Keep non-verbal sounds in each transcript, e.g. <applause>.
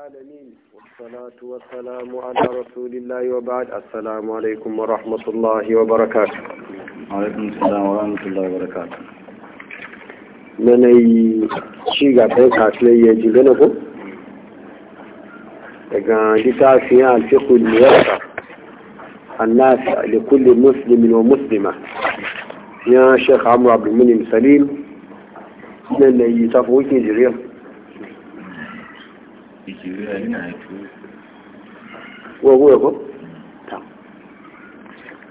العالمين والصلاة والسلام على رسول الله وبعد السلام عليكم ورحمة الله وبركاته عليكم السلام ورحمة الله وبركاته من أي شيء قبل كاتلي يجبنه كان لتعفي الفقه الميسر الناس لكل مسلم ومسلمة يا شيخ عمرو عبد المنعم سليم من أي تفويت جريم gogoya ko? ta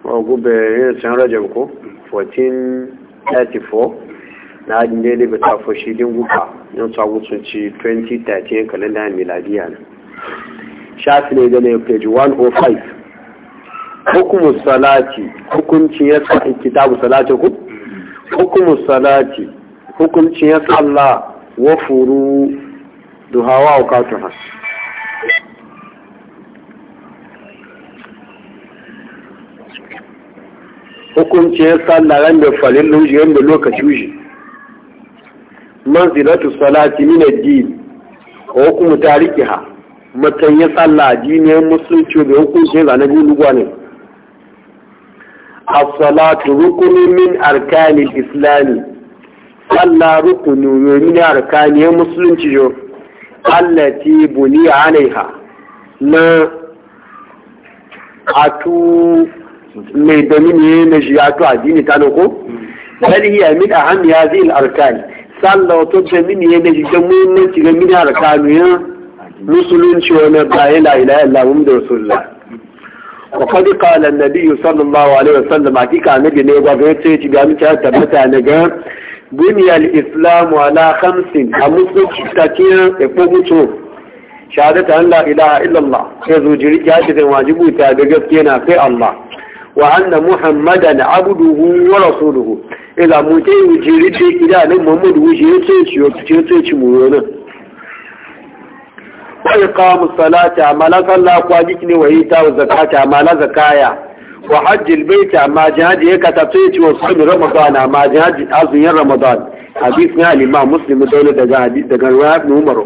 magube yin san ko 1434 na hajjin daidai ba ta fashi din guka yin ci 2013 kalenda miladiya na shafi ne da one page oh five. hukumu salati hukuncin ya sa kitabu salati ku hukumu salati hukuncin ya sa Allah Wofuru. duha wa aukatuha hukuncin sallah ran da falin lushi ran da lokaci ushi manzilatu salati min ad-din wa hukumu tarikiha matan ya sallah dinin musulunci da hukuncin zanabi lugwa ne الصلاة ركن من أركان الإسلام صلى ركن min أركان musulunci jo. allati buni alaiha na atu mai domini na shi atu addini ta ko bal hiya min aham hadhihi al arkan sallah to domini ne shi da muhimmanci ga min arkanu ya musulunci wani bayan la ilaha illa muhammadu rasulullah وقد قال النبي صلى الله عليه وسلم حقيقة النبي نيوغا غير سيتي بامتها تبتا نجا bini al’islamu ala hamsin a mutu cikakken ifogucu shahadata an la’ila’a illallah ya zoji riki haka zai wajibu ta da gaske na fi Allah wa anna muhammadan abuduhu wa rasuluhu ila mutu yi wuce riki idanun muhammadu wuce ya ce ci yau ce ce ci muronin wa iqamu salata mala sallah kwa dikni wa yita wa zakata mala zakaya wa hajjil baita ma jihadi ya kata sai ci wa sami ramadan ma jihadi azumin ramadan hadith na al-imam muslim dole daga hadith daga riwayat umar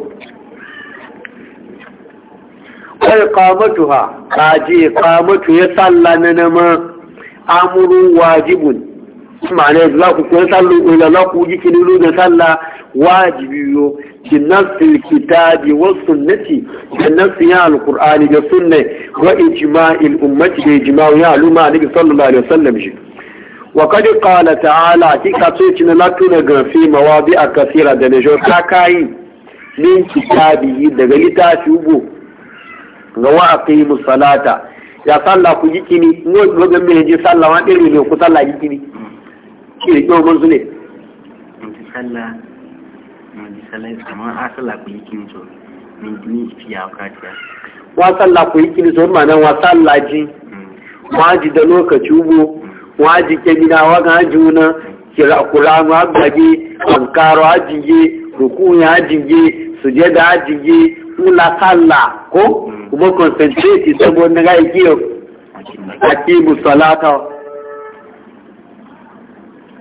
kai qamatuha kaji qamatu ya sallana nama amru wajibun ma'ana za ku kun sallu ila la ku ji kinu da sallah wajibi بنص الكتاب والسنة بنص يا يعني القرآن والسنة وإجماع الأمة بإجماع يا لما نبي صلى الله عليه وسلم جي. وقد قال تعالى تكاتوتنا لكنا في مواضع كثيرة دنجو كاكاي من كتابه دغلتا شوبو وأقيم الصلاة يا صلى كيكيني نوت بغم من جي صلى وانت اللي يقول صلى كيكيني كيكيني كيكيني كيكيني salai sama asala ku yikin zo zo ji da lokaci ubo hmm. wa ji ke gida wa ga juna kira kula ma gbage ankaro ajiye ruku ya ajiye sujada ajiye ula salla ko hmm. kuma concentrate na ga yikiyo akibu salata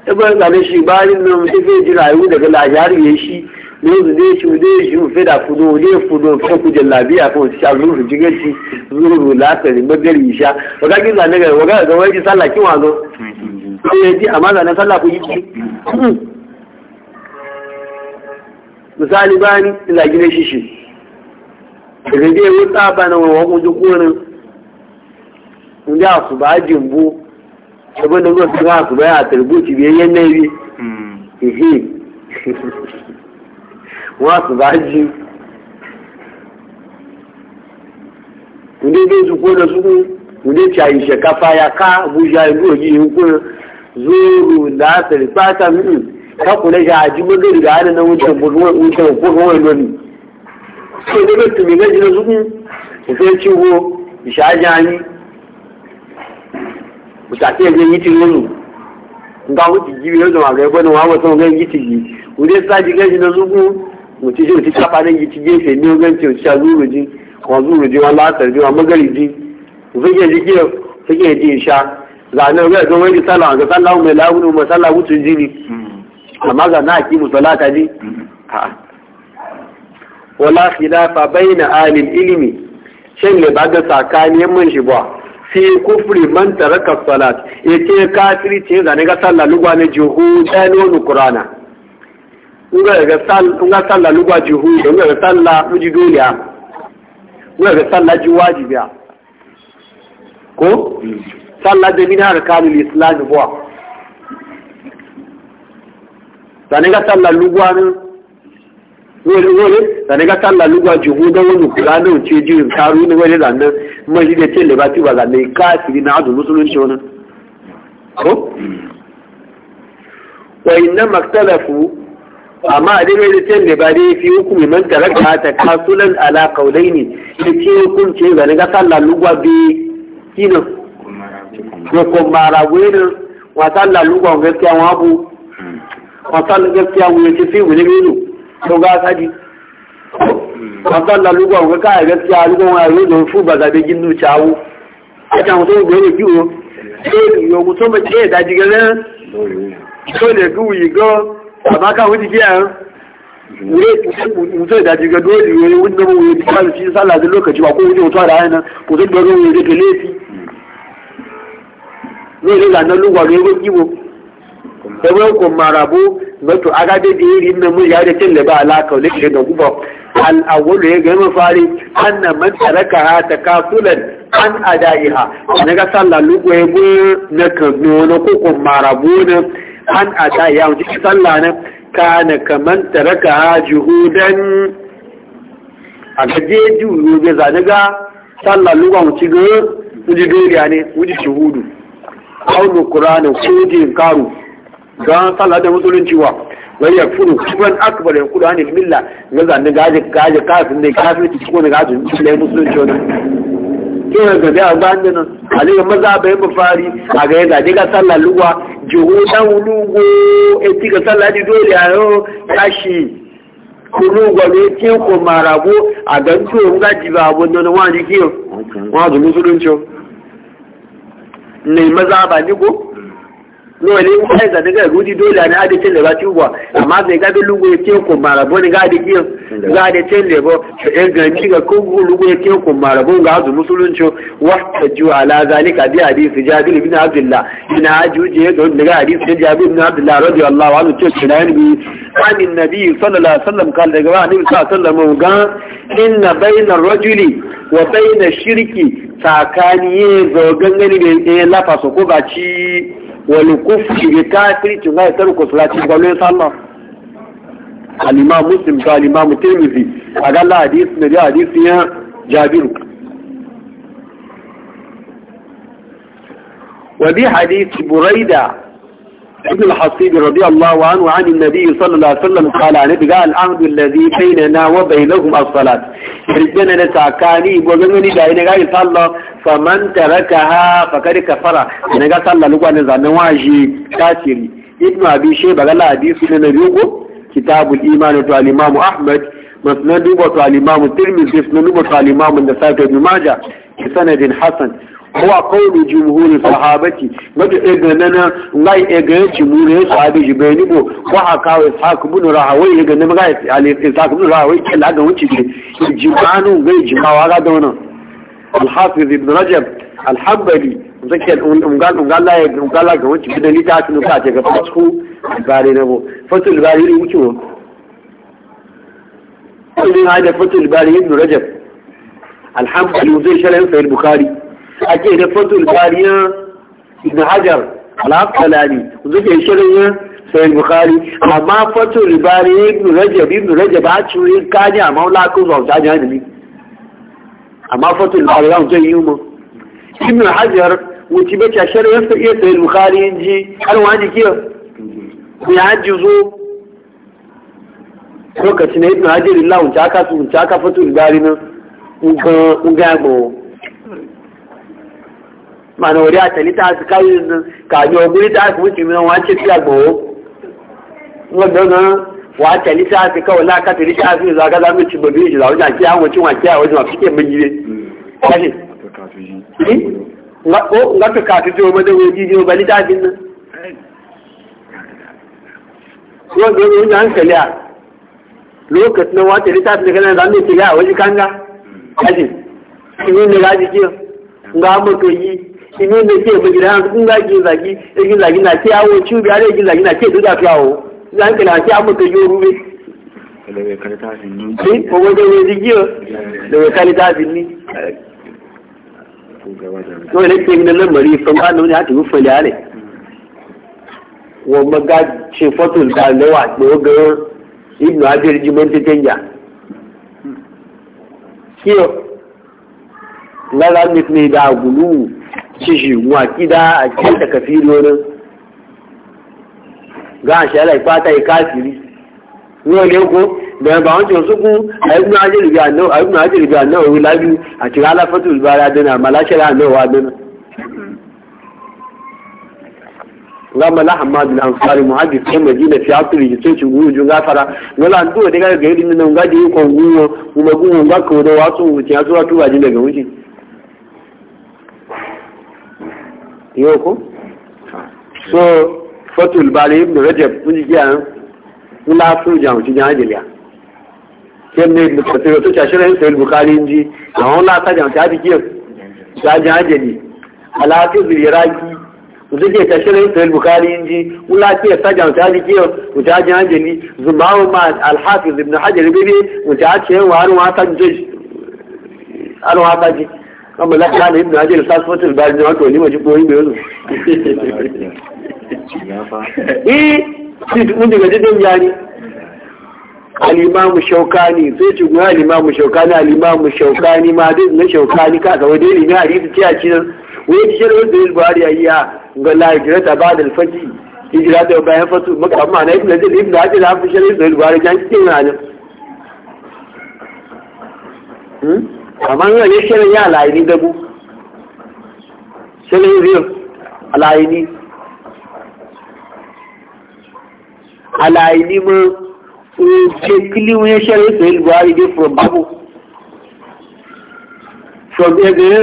ga zane shi bayan nan ife zai ji rayu daga lajari ya shi lóòrùn lé ṣe lé yìí fẹ́ dà fún un lé fún làbí àfọ̀n ṣá lóòrùn jígẹ́ ti lóòrùn látẹ̀lẹ̀ mọ́gẹ́rì ìṣá ọ̀gá kí ìlànà rẹ̀ ọ̀gá ọ̀gá wọ́n ti sálà kí wọ́n lọ. ọ̀yẹ́ tí àmàlà náà sálà kò yí kí. misali bá ní ìlàjì ṣíṣe. ìrèdí ewu sábà náà wọ́n kún dúkú rin. ndé àsùbà á ẹgbẹ́ nígbà tí wọ́n àsùbà yà àtẹ̀lẹ́gbò wọn àtúbà jí ndéédé sukú lọ sukú ndé tí a yìí ṣe káfa ya ká bùjá ìlú òjì yìí kú zóòrù ndàásẹ̀rì pátá mímu kákùnrin ṣe àjùmọ́lé rẹ̀ á nínú oúnjẹ òkú wọn lónìí. ṣé ndéédé tùmí méjì lọ sukú òfé tí wo ìṣáájú ayé òtàtí ẹgbẹ́ yìí ti lónìí nǹkan ó ti jí mi lọ́dọ̀ àgbẹ̀gbẹ́ ni wọ́n á wọ̀ sọ́n gẹ́gẹ́ mutum shi mutum kafa nan gici gefe ne a ce sha kuma wa zuruji wani latar ji wa magariji zuke ji ke suke ji sha zanen ga zo wani sallah ga sallah mai lagunu ma sallah mutun jini amma ga na ki lata ji wala khilafa baina alil ilmi shan le ba ga sakaniyan mun shi ba fi kufri man taraka salat yace kafiri ce zane ga sallah lugwa ne jihu dano qur'ana nga sallah lugwa juhuda nga ga sallah muji duniya nga ga sallah ji wajibiya ko sallah da min har kanu islam bo sani ga sallah lugwa ne wole wole sani ga sallah lugwa juhuda wani kula ne ce ji karu ne wani zanne mai da ce lebati ba zanne kafiri na adu musulunci wani ko wa inna maktalafu amma a dinga zaton da ba dai fi hukumi man taraka ta kasulan ala kaulai ne da ke hukunce ga na sallah lugwa bi kino ko ko mara wani wa sallah lugwa gaskiya wa bu wa sallah gaskiya wani ci fi wani bino to ga sadi wa sallah lugwa ga kai gaskiya lugwa wa yi don fu ba ga bi gindu chawo a can so ga ne kiwo sai yo mutum ba ce da jigaran dole ku yi go amma kan wuce giya mutum da daji ga dole yoyi wani gaba wuri da kwanan cikin sallah da lokaci ba ko wuce mutuwa da hannun ko zai dogon wuri da ke lefi zai ne zanen lugwa ne ko kibo sabon ko marabo zato aga da da yiri na mun ya da cin da ba alaka ne ke ga an adaiha na ga sallah lugwa ya na kan nuna ko ko an yi ya wuce sallah nan kana kaman raka juhudan a gaje ji bai zane ga sallah lura wuce ga wuce doriya ne wuce shuhudu kawo kurana ko jin karu ga sallah da musulunci wa wai ya furu kiban akbar ya kudu hannun milla ga zane gaje gaje kafin ne kafin ko ne gajin musulunci wani kira ga da ba ni nan maza bai mu fari a ga yadda diga sallah luwa jihu dan lugo e ti ga sallah di dole a yau tashi kulu gwa ne ti ko marabo a ga to ga ji ba bo nan wa kiyo wa da musulunci ne maza ba ni go lóòlé ń bá ìzàdégà ìrúdí dóòlà ní adé tẹ́lẹ̀ bá ti wà àmá àgbẹ̀ gábé lúgbó etí òkò màràbó ní gáàdé kí gáàdé tẹ́lẹ̀ bọ́ ẹgàn jíga kóngó lúgbó etí bo màràbó ga azù musulunci wà tẹ̀jú aláàzá ní kàbí nabi sallallahu alaihi wasallam daga sallallahu inna rajuli wa bayna shirki tsakani ye zo gangani lafa so ko ba والكفر بكافر تنغى يترك صلاة قالوا يصلى الإمام مسلم قال الإمام الترمذي قال لا حديث نبي حديث فيها جابر وبحديث بريدة ابن الحصيب رضي الله عنه عن النبي صلى الله عليه وسلم قال عن ابقى العهد الذي بيننا وبينهم الصلاة رجلنا نتعكاني وغنغني دعينا قال صلى فمن تركها فقد كفر انا قال صلى لقوا نزعنا واجي كاتري ابن أبي شيبة قال حديث من نبيكم كتاب الإيمان الإمام أحمد مسند وطال الإمام الترمذي مسند وطال الإمام النسائي بن ماجه بسند حسن هو قول جمهور الصحابة بدي إغنانا لا إغنى جمهور الصحابة جبينبو وحكا إسحاق بن راهوي إغنى مغاية على إسحاق بن راهوي كلا أغنى وانتجي الجمعان غير جماعة غادونا الحافظ ابن رجب الحنبلي zakiyar ungal ungal la ungal la ga wanci bidan ni ta tunu ka ce ga fasku bari na bo fatul bari ne wuce wo kullin hada fatul bari ibn rajab alhamdulillah zai shalayin sahih bukhari ake da fatul bariya ibn hajar al-asqalani zuke shirin ya sai bukhari amma fatul bariya ibn rajab ibn rajab a cikin kaji a maula ko zauta jani amma fatul bariya on zai yi mu ibn hajar wuci bace shirin sai iya sai bukhari ji har wani kiyo ya ji zo lokacin ibn hajar Allah ta ka su ta ka fatul bariya nan uga uga go mana wuri a tani ta su kayi nan ka ni oguri ta su wuce min wa ce tiya gbo wo do na wa tani ta su kawo la ka tiri ta su za ga za mu ci babu shi za wuce ki an wuce wa ki a wuce kini ne fi awo zan kana ke amu ke yoru be lewe kalita fi ni ko go de di gi lewe kalita fi ni ko le ke ni le mari fam an no ya ti fu le ale wo maga ce fotul da lewa ko ga ibnu ṣíṣì gun àkídá àti ìtẹ̀kẹ̀fì lónà ya ṣe aláìpáta ìkáàkiri a ọlẹ́ oko bẹ̀rẹ̀ bá wọn tí ó súnkún ẹgbùn ajẹ́lẹ̀bí àná òwe lájú àti a ìbára dẹ́nà na àná òwà dẹ́nà ramala hamadu ansari muhaji sai madina fi asiri ji sai shugu ju gafara wala duwa daga ga irin nan gaji ko guwo kuma guwo ga ko da wasu azuwa ji daga yóò kó so fatul bari ibn rajab kun ji giyan kula su jan ci jan jiliya ke ne ibn kasir to ta shirin sai bukhari inji awon la ta jan ta ji giyan ta jan jili ala ta ziraki zike ta shirin sai bukhari inji kula ta ta jan ta ji giyan ta jan jili zumawu ma al hafiz ibn hajar bibi ta ce wa an wa ta ji an wa ta kama la kana da hajar sasfatul bari ne wato ni ma jibo yin bayo eh shi mun daga jidin yani al-imamu shaukani sai ci gwa al-imamu shaukani al-imamu shaukani ma dai na shaukani ka ga wadai ne hadisi ce a cikin wai ci da wanda buhari ayya ga la hijrata ba'da al-fajr hijira da bayan fatu maka amma na ibn da ibn hajar hafi shirin da buhari jan cikin ranar hmm? amma yau ne shi ne ya alayini gabu shi ne zai alayini alayini ma ṣe kili wọn ṣe rẹ sọ ìlú buhari dé from babu from ẹgbẹrẹ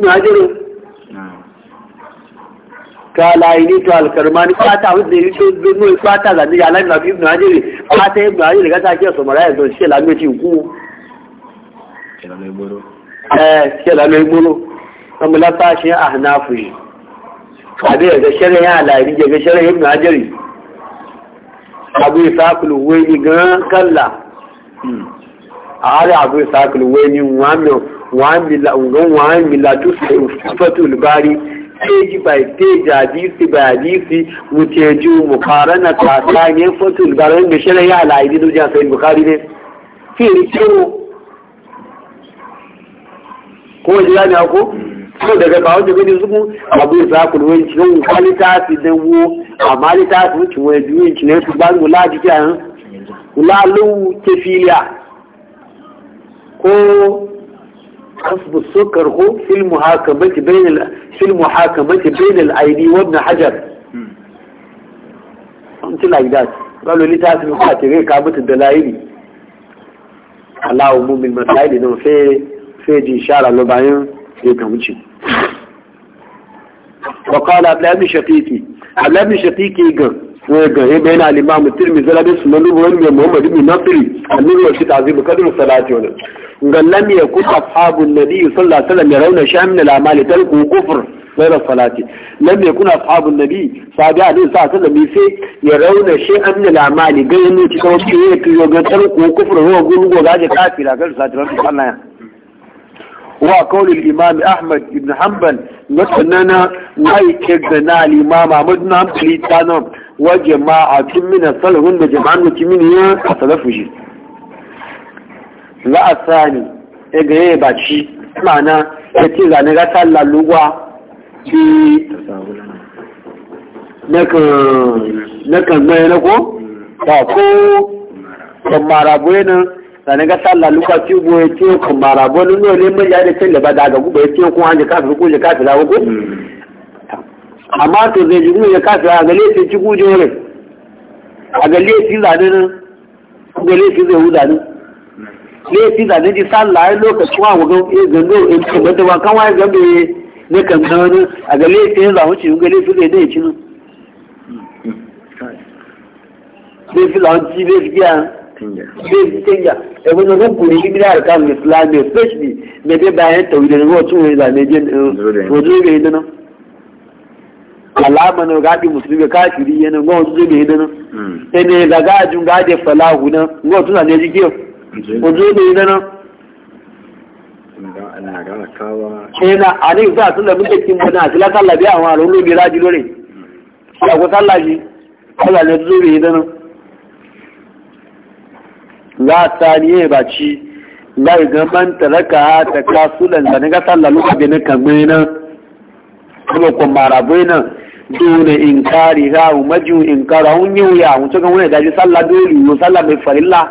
ní ajẹrẹ ka alayini to alkarmani pata àwọn ìdílé tó gbégbó pata àti aláìmọ̀ àbí ìbùnà ajẹrẹ pata ìbùnà ajẹrẹ kátà kí ọ̀sọ̀mọ̀ra ẹ̀sọ̀ ṣe lágbẹ́ ti kú wọn suke lamai gbolo wani lafashin a hannafu shi abin da gashirin ya alari da gashirin ibn hajjari abu isakulu wani gan kalla a hari abu isakulu wani wa'an milatu su fatul bari page by page hadisi by hadisi muteju mukarana tsakanin fatul bari gashirin ya alari da dujan sayin bukari ne fi rikiru ko ji gane ko ko daga ba wanda gani zubu abu za ku ruwan ci don kwali ta fi dan wo amma ni ta fi wuce wani biyu ci su ba mu la a yanzu la lu ke filiya ko حسب السكر هو filmu haka mace ال... aini wani hajar الأيدي وابن حجر. أنت لا يدات. fi لي تاسم فاتي غير كعبة الدلائل. على عموم masaili إنه fere. سيدي شعر shara na وقال عبد الله بن شقيقي عبد الله بن شقيقي قال وقال إيه بين الإمام الترمذي زلمة سنن ابن محمد بن نصر النبي وشي تعظيم قدر الصلاة قال لم يكن أصحاب النبي صلى الله عليه وسلم يرون شيئا من الأعمال تركوا كفر غير الصلاة لم يكن أصحاب النبي صلى الله عليه وسلم يرون شيئا من الأعمال غير أنه تكون كفر هو قلوا وقال كافر غير صلاة الله وقول الإمام أحمد بن حنبل مثلنا نايكنا الإمام أحمد بن حنبل تانم وجماعة من الصلحون جماعة من الصلفجي لا الثاني إيه باتشي معنى كتير أنا قتل اللغة في نكن نكن ما ينكو تاكو ثم رابوين sani ka sallah luka ti bo e ti ko mara bo lu le me ya de tele bada ga gube ti ko anje ka su ku je ka fi la ko amma to zai jigu ya ka fi ga le ti ku je re ga le ti la ne ga le ti zai huda ne le ti da ne ji sallah ai lokaci wa ga e ga do e ko bada wa kan wa ga be ne kan ga ne ga le ti za huci ga le ti zai dai ci ne le ti la ji zai kenya a wani rukuni ibn arkan islam especially na dai bayan tawhid da wasu wani zane jin wajen bai dana alama na gaɗi musulmi kafiri yana ga wasu zai bai dana ene da gajin gaje falahu na ga wasu zane jikiyo wajen bai dana ena ani za su da mutakin wani a tilaka labiya wa rulu bi raji lore ya ku tallaji Allah ne zuwa bai dana ga tsariye ba ci ga gaban taraka ta kasulan da ga sallalu ka bin kan mena kuma ko marabe na dole in kari ga umaju in kara un yi ya mun tuka wani daji sallah dole mu sallah mai farilla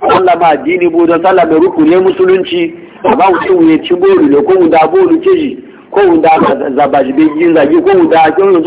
sallah ma dini bu da sallah mai rukuni musulunci ba mutum ya ci bolu da ko da bolu ce shi ko da zabaji bin zagi ko da kin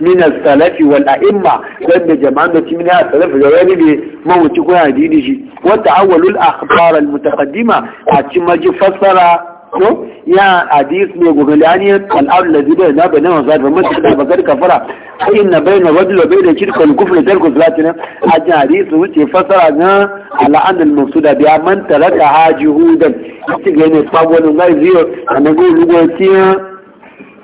من السلف والأئمة لأن جمعنا تمنى السلف جواني بموت قوية دينيشي وتعول الأخبار المتقدمة أتماج فصلة يا حديث مغلاني الأرض الذي بينا بنا وزاد ومسك بذكر كفرة إن بين الرجل وبين الشرك والكفر ذلك ذاتنا أجن حديث وشي فصل أجن على أن المقصود بها من تركها جهودا استغنى فاول الله زيو أنا أقول لغوتي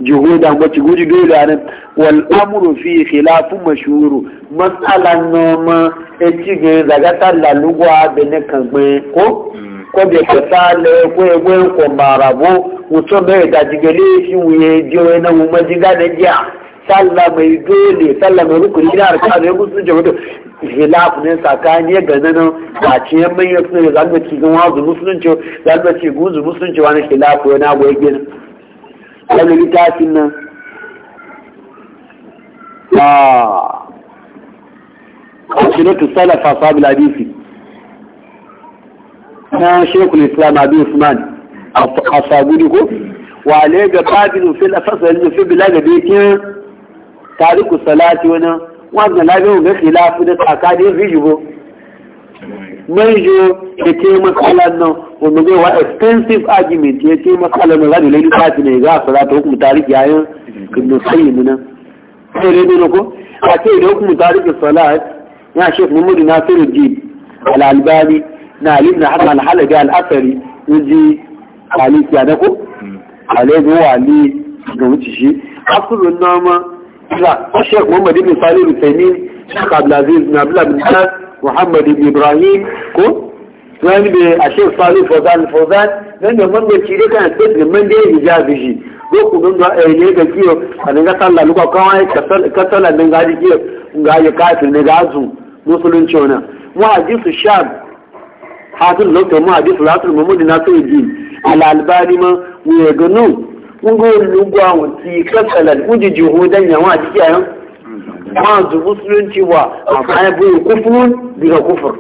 ko ci guri dole nan wal amru fi khilafun mashhuru mas'ala noma e ci ge daga talla lugwa da ne kan gbe ko mm. ko be ko sale ko e gbe ko marabo to be da jigele shi jo je na mu majiga da jiya salla mai dole salla mai rukuni da arka da gusu jahudu khilaf ne sakani ne nan ba ce mai yasu da zanga ci gan wazu musulunci zanga ci guzu musulunci wani khilaf na goyi gina قبل لتاتنا آه سنة السلف أصحاب الحديث أنا شيخ الإسلام أبي عثمان أصابره وعليك قابل في الأساس اللي في بلاد بيتي تارك الصلاة وانا وانا لا يوم خلافنا تحكاد يجبه manjo ya ce matsalan nan wanda zai wa extensive argument ya ce matsalan nan zai lalita fati ne za su za ta hukumu tariki yayin kundin sayi nan sai dai dole ko a ce da hukumu tariki salat ya shek muhammadu nasiru jib al-albani na alim na hakan al-halabi al-asari wuji aliki ya dako alaibu wali ga wuce shi asulun nama shek muhammadu Sheikh Abdulaziz bin Abdullah bin Nas, Muhammad ibn Ibrahim ko wani bai a Sheikh Salih Fawzan Fawzan nan da man gaci da kan sai da man da ya hijabi shi ko ku don ga eh ne ga kiyo an ga sallah luka kawai ka ka sallah din ga ji kiyo ga ya kafir ne ga su musulunci wannan mu hadisu shab hadin lokacin mu wanzu musulunci wa amfani buyi kufurun daga kufur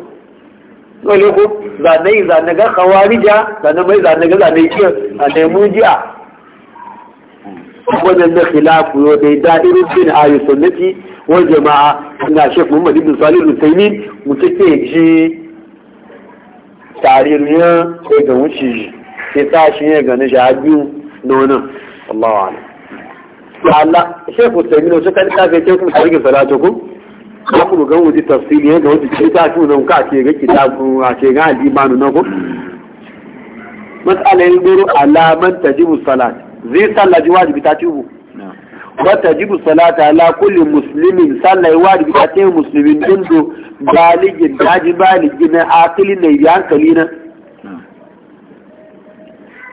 wani ku zane yi zane ga kawari ja zane mai zane ga zane ke kiyar zane mujiya wannan na khilafu yau dai da'irin bin ayu sunnati wal jama'a na shek muhammad ibn salih al-usaimin mutake ji ya ko da wuce sai sashi ne ga na sha biyu nonon Allahu a'lam ala shekhu tsamino shi kan tafe ce kuma tarihin salatu ku na kuma gan wuji tafsiri ga wasu ce ta shi nan ka ce ga kitabu a ce ga alimanu na ku matsalar guru alaman tajibu salat zai sallaji wajibi ta tubu wata jibu salata ala kulli muslimin sallai wajibi ta ce musulmin dindo baligin daji baligin na akili na yankali na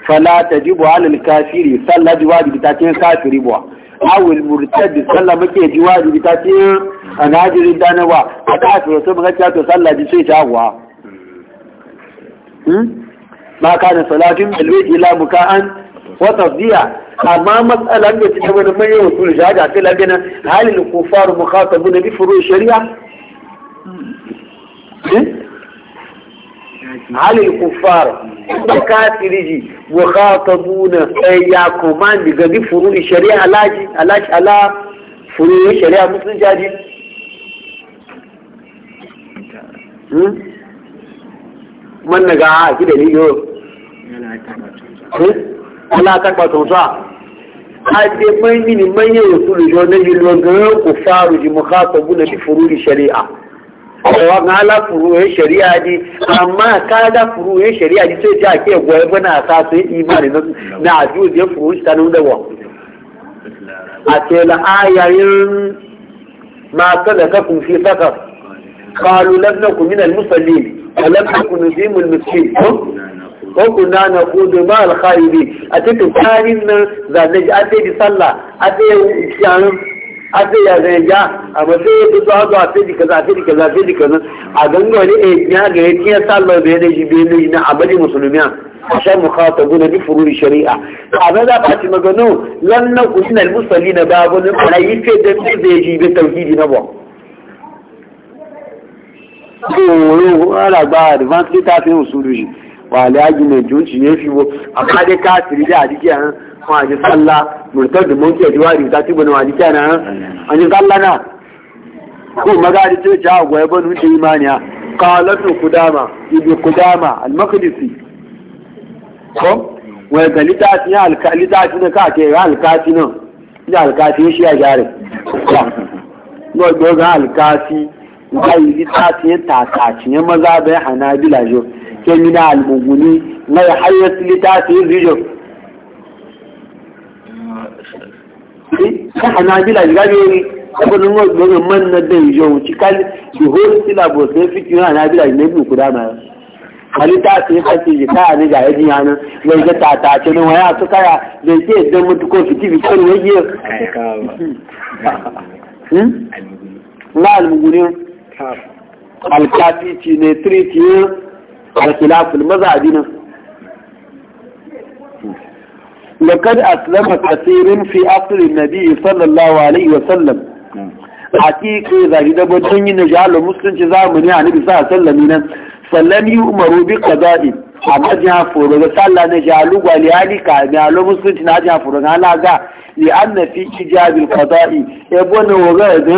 fala tajibu alal kafiri sallaji wajibi ta ce kafiri buwa awul murtad sallah muke ji wajibi ta ce an hajirin danawa a ta ce so muka ce to sallah ji sai ta wa ma kana salatin albayt ila muka'an wa tafdiya amma matsalar da ta gaba da mai wasu shahada sai lagana halin kufar mukhatabuna bi furu shari'a hali kufar ba kafiri ji wa khatabuna ya komandi ga furu shari'a alaji alaji ala furu shari'a musulun jaji man daga a gida ne yau ala takba tunsa ade mai mini manyan wasu lujo na jirgin ganin kufaru ji mukhatabu na furu shari'a kowa na ala furuwe shari'a ne amma ka ẹ̀ furuwe shari'a tó jẹ́ ta ke ẹgbẹ́ bana sa su yi imani na ajiyu da furuwe shi ta da wa a ce la'ayayin ma kada fi saka kalu lam nakum min al-musallin wa lam nakun nuzimu ko na ma a cikin zanaji a sallah a ase ya zai ja a masu ya fito hazo a fi kaza a fi kaza a fi kaza a ganga wani e ya ga ya tiya sallar da ya da shi biyu na abali musulmiya a shan mukata guna bi fururi shari'a a bai za ba ci magano lannan na shi na musalli na babu na fara yi fe da fi zai ji bai tauhidi na ba. ko Oyo ala gba advance lita fi usulu shi wa ali argument jo ci yefi bo amma dai kafiri da adike han a ji sallah murtar da mun ke jiwa da ta tuba na wadi kenan an yi kallana ko magadi ce ta goye ban huce imaniya qalatu kudama ibnu kudama al-maqdisi ko wai ga litafi ya alkalitafi na ka ke alkati nan ya alkati shi ya jare no do ga alkati ga litafi ta ta ci maza bai hanabila jo ke mina al-muguni na hayyat litafi rijo ta eh, hanabila ne abin nan gwamnan man na da yau cikal the whole syllabus na hanabila ne bi kuda ma halitta yi ne ga yaji ga ce waya su kaya da ke idan mutu ko fiti bi kan alkafi ci ne لقد أسلم كثير في أصل النبي صلى الله عليه وسلم حقيقي إذا جدا بطن ينجعل مسلم جزاء من يعني بصلى سلم عليه وسلم فلم يؤمروا بقضاء أما جاء فرغ صلى نجعله وليالك نجعله مسلم نجعل فرغ على ذا لأن في إجاب القضاء يبون وغاد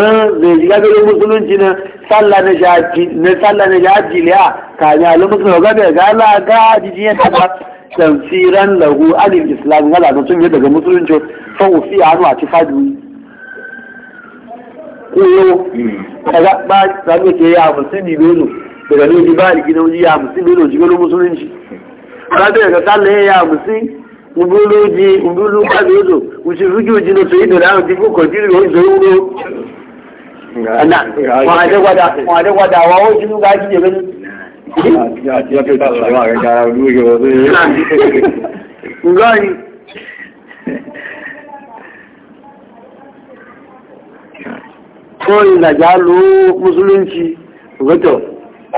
زيجاب المسلم جنا صلى نجعل نجعل جليا كان يعلم مسلم وغاد قال لا قاعد جيان tamfiran lahu anil islam wala da tun daga musulunci fa ufi anu a ci fadu koyo kaga ba za mu ce ya musulmi belo daga ne di bari gidan ya musulmi belo ji belo musulunci ka da ga salle ya musulmi ubulu ji ubulu ka bezo uci ruju ji no sai da na ji ko ko ji ro zo ro ana wa da wa da wa o ji nu ga ji ne Kọ́rin ìlàjá ló Mùsùlùmí ọ̀gọ́tọ̀,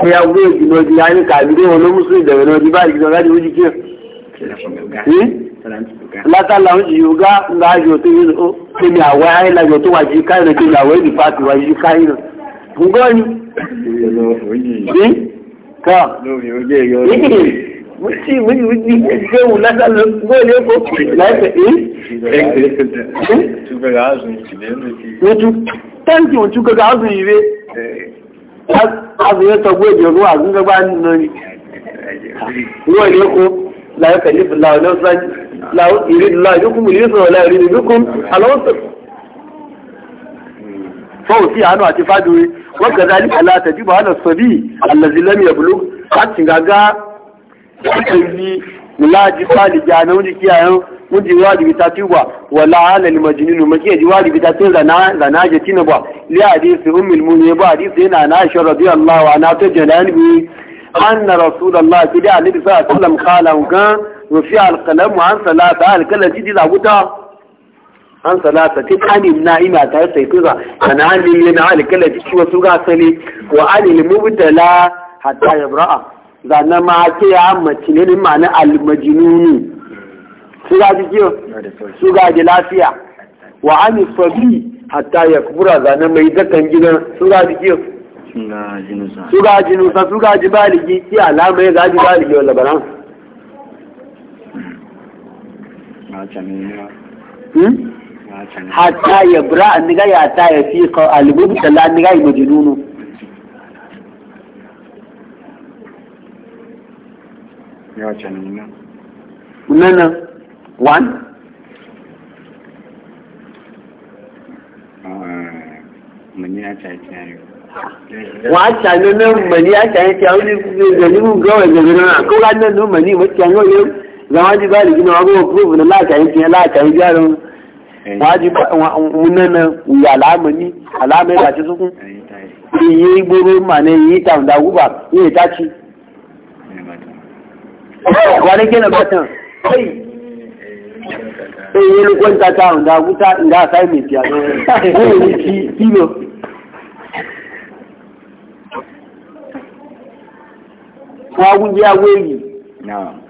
ní agbó ìgbìmọ̀ ti yá ní kàbílé Mùsùlùmí ìdẹ̀wẹ̀ náà ti bá ìgbìmọ̀ láti ó jíkẹ́. Látàlá ń yìí ọgá ńlá tó yìí ó, kan lórí ojú ẹ̀yọ́ rẹ̀. mo ti mo ti mo ti ṣe òun lásán lọ bóyá gẹ́gẹ́ azùn yìí rẹ̀ azùn yẹn tọgbọ́ èdè nínú ni. wọ́n ilé kó láyọ̀ kẹ́lí fúnla ọ̀lọ́sàn láwọn ìrírí lọ́wọ́ ìdókùn sọ̀rọ̀ láwọn ìrírí fawon fi hannu a ti fadowe wanka zali ala ta ji ba hana sabi allazi lam ya bulu a cin gaga kan yi mulaji fali ja na wani kiyayen wani jiwa da bita tuba wala ala ni majininu maki jiwa da bita tun zana je tina ba li hadisi ummul mu'minin ba hadisi yana na aisha radiyallahu anha ta jalani bi anna rasulullah kida alaihi sallallahu alaihi wasallam qala kan rufi alqalam an salata alkalam ji da wuta an ta ti na ina ta sai kuza na halin yana alkala ci wasu sani wa alil mubtala hatta yabra'a zanna ma ke ya mace ne ma'ana almajnuni suga ji kiyo suga ji lafiya wa ani sabi hatta yakbura zanna mai dakan gidan suga ji kiyo suga ji nusa suga ji baligi ki alama ya zaji baligi wala baran Hmm? Hata ya bra an ga ya ta ya fi ka albub da la ni ga majnunu ya ta nan na na na wan mani ya ta yi wa ta ni na mani ya ta yi ta wani da ni mun ga wa da na ko ga nan no mani mu ta yi zama ji ba da gina wa go ko da la ta yi ta la ta yi jarun Eh. wajibi munana ya alamani alamai ba ci sukun gboro ma ne yi ta da guba yi ta ci na batan lukon ta ta da guta da ya wa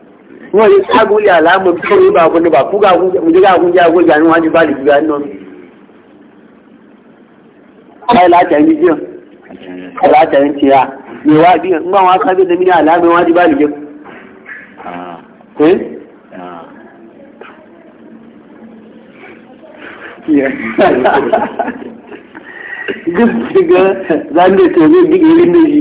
wọ́n yí ságúlì àlámọ̀ bí wọ́n yí bá wọn bá fúgà òjògà àgúnjẹ́ àgójà ní wọ́n á ti bá lè gbígbà nínú mi. báyìí látẹ̀yìn jíjọ látẹ̀yìn ti ra ìwà bí ńgbà wọn sábẹ́ tẹ̀mí ní àlámọ̀ wọn á ti bá lè jẹ́. Ah. Ah. gbígbà gan-an lánàá tẹ̀lé ìrírí méjì.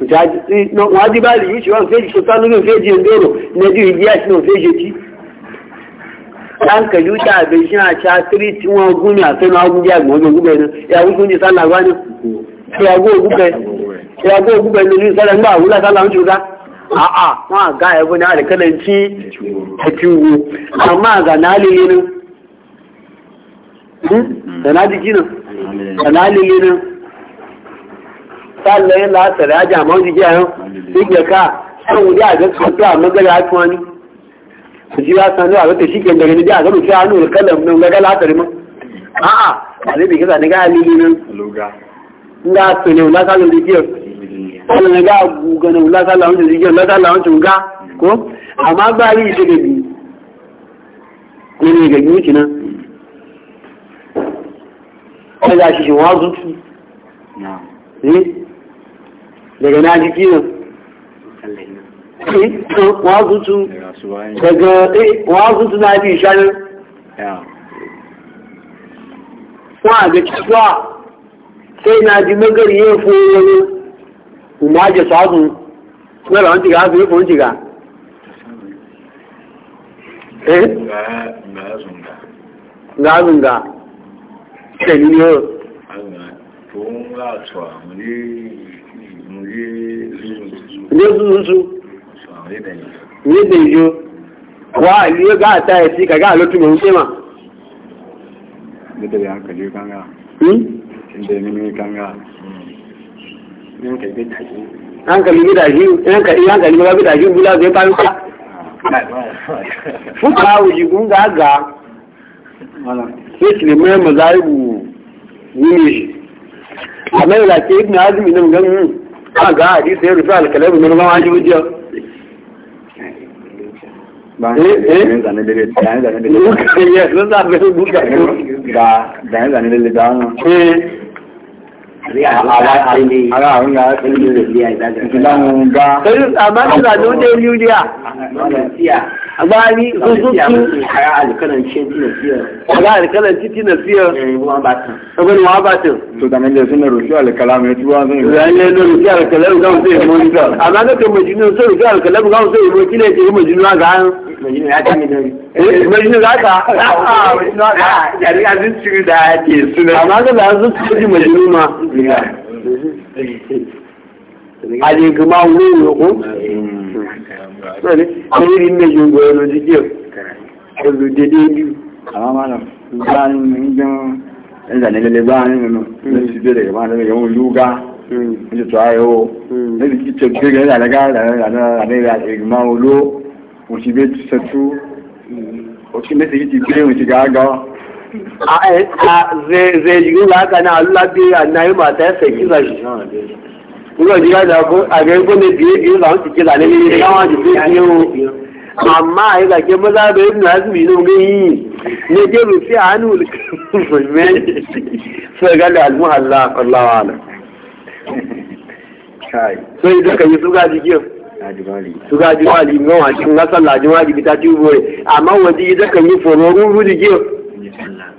wọ́n á dí báyìí yìí ṣùgbọ́n fèjì sọ́tọ́ nínú fèjì ìgbèrò nẹ́jú ìdí àti náà fèjì tí láǹkà yóò dàbẹ̀ sí àṣà tírí tí wọ́n gún ní àfẹ́nà agúnjẹ àgbọ̀n ọjọ́ náà sallah yin la'asar ya ji amma jiki yayin duk da ka san wuri a ga kwanto a magana ya tuwa ni su ji ya sanu a wata shike daga nija a gaba sai hannu da kalam nan ga la'asar ma a'a a zai bi kisa daga halili nan nga su ne wula sallah da kiyar daga na ji kinan wazutu daga eh, wazutu na bi shanin wa ga cewa sai na ji magari ya fi wani umarje sabu wani wani jiga hafi rufin jiga eh zuzu ne da yiwu wa aliyu ga ta ya ci ka ga alatu mai wuce ma da kanga inda ne kanga in ka bi tashi hankali bi tashi in ka iya hankali ma bi tashi bula zai ba ka fuka wuji kun ga ga sai kilimai àgá àdíṣẹ́ ìrùfẹ́ àlùkẹ́lẹ́bù mi ní wọ́n wájú jẹ́ Dáyẹ́dà nílé dáhùn ara àwọn yàrá tó ní ìlànà ga. pẹ̀lú àbájúgbà tó dé ní ìlú agbáyé zuzuki ara alikanan titi na fiye ọgbọ́n wọn bá tẹ̀. tó dàmé jẹ́ sínú rò sí alikala mi tí wọ́n sẹ́yìn. rẹ̀ ń lé lórí sí alikala mi gáwọn sẹ́yìn mọ́ nígbà. àmọ́ akẹ́kọ̀ọ́ mọ̀jìnú sórí sí alikala mi gáwọn sẹ́yìn mọ́ kí lè jẹ́ mọ̀jìnú àgá. mọ̀jìnú àgá mi lórí. mọ̀jìnú àgá. mọ̀jìnú àgá. àti àti sùn dáa jẹ́ sùn náà. àmọ́ akẹ́kọ̀ọ́ aje gama wuri ko sori ayiri ne yi gbe olu didi o olu dede ju àwọn mọ́nà bá ní gbọ́n ẹ̀zànilẹ́lẹ́ bá ní nínú lẹ́sí bẹ̀rẹ̀ bá ní ẹ̀yẹ̀wò lúgá ní tó ayé o lẹ́sí kí tó gbé gẹ́gẹ́ àdágá àdáyà ìgbìmọ̀ olóò òṣìbẹ́ ti sẹ́tú òṣìbẹ́ ti gbé òṣìgá zai yi ga haka na alabi a na yi mata ya saki za shi nuna jiya da a ga yanko ne biye biye za su kila ne ne yawa da biye biye amma a yi zake maza da yin na azumi ne ga yi ne ke rufe a hannu musulmai su ga da almuhalla kallawa ala so yi duka yi su ga jikin suga jimali ngawa cikin ngasar lajima di bita ci bore amma waje da kan yi foro ruru di giyo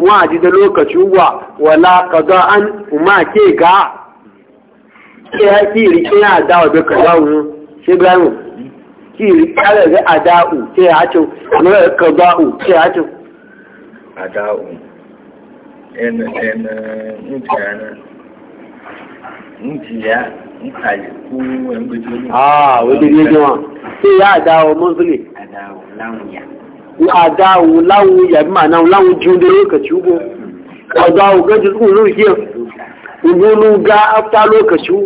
wa ji da lokaci wa wala kaza an kuma ke ga ke haki rike na adawa da kaza wuri shi gano ki rike ala da adau ke hacin amma da kaza u ke hacin adau en en mutiyana mutiya mutaye ku wani gudu ah wani gudu ma sai ya adawa muslim adawa lamuya adawu lawu ya bi ma'ana lawu jiun da lokaci ugo adawu ga ji zuwa lori kiyan ugulu ga afta lokaci so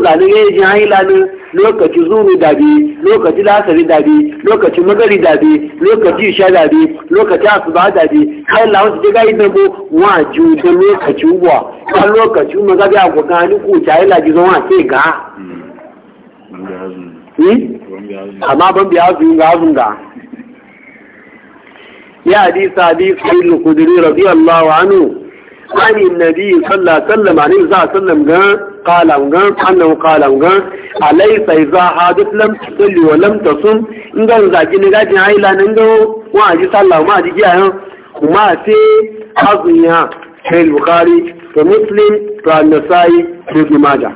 ga ne ya ji haila ne lokaci zuru dabi lokaci lasari dabi lokaci magari dabi lokaci isha dabi lokaci asuba dabi kai lawu ji ga idan bo wa ju da lokaci ugo ka lokaci mu ga ga ga ni ku ta ila ji zuwa sai ga hmm? amma ban biya zuwa ga zunga يا حديث حديث ابن الخدري رضي الله عنه عن النبي صلى الله عليه وسلم عن النبي صلى قال عليه قال أنه قال أليس اذا حادث لم تصلي ولم تصم إن كان زاكي هاي لا نغو واجي صلى الله ما جي وما في أظنها في البخاري ومسلم والنسائي وابن ماجه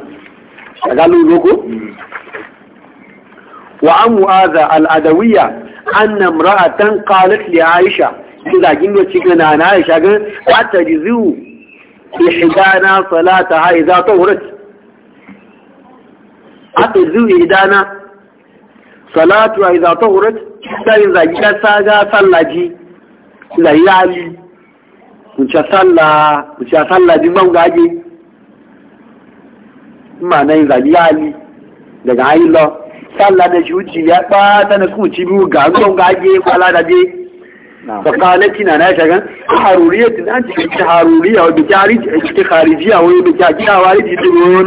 قالوا لكم وعن هذا الادويه anna imra'atan qalat li aisha kida gindo cikin na aisha ga ta jizu ihdana salataha idza tahurat atzu idana salatu a iza tahurat tsarin zagi ta saga sallaji zai yali kuce sallaji ban gage ma na yin zagi daga ayin law sallah na shuci ya ɓata na kuci biyu ga ruwan gage kwala da je fakalati na na shagan haruriyatin an cikin ta haruriya wa biki hariji harijiya wani biki a gina wari ji ta wani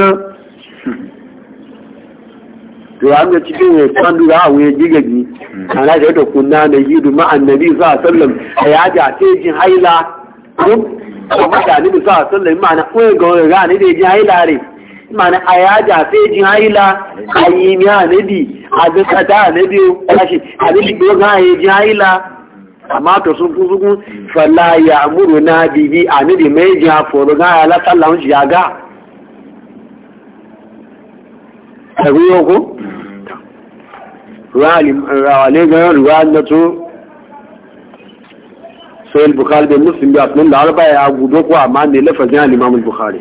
to ya hmm. amga cikin ya kwandu da hawa ya jiga ji a na shagan da kunna na yi duma annabi sa sallam a ya ja tejin haila ko mutane da sa sallam mana a ya jafe jin haila a yi mi anabi a duka ta anabi kashi anabi ko ga yi jin haila amma to sun fi falla ya muru na bibi anabi mai jin aforo ga ya la sallan shi ya ga tagu yau ko bukhari da muslim bi atnan da arba ya gudo ko amma ne lafazin al bukhari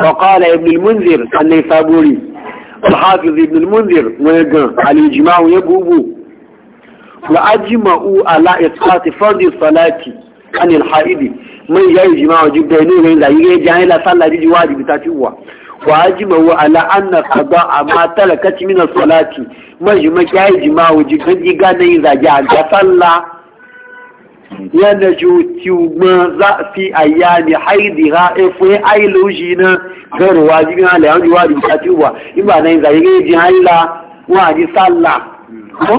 فقال ابن المنذر النيسابوري الحافظ ابن المنذر ويقن الإجماع يقوب وأجمعوا على إطلاق فرض الصلاة عن الحائد من يأي جماع جب دينه وإن لا يجي جاهلا صلى جي واجب تاتيوا وأجمعوا على أن قضاء ما تركت من الصلاة من يجمع جماع جب دينه إذا جاء صلى yanaju tiwugbọn fi àyà ní haidira efe ailoji na gẹrù wa jígbìn alẹ́ àwọn ìwádìí bá ti wà nígbà náà ìzàyè gẹ́gẹ́ jẹ́ àìlà wọn àti sálà kó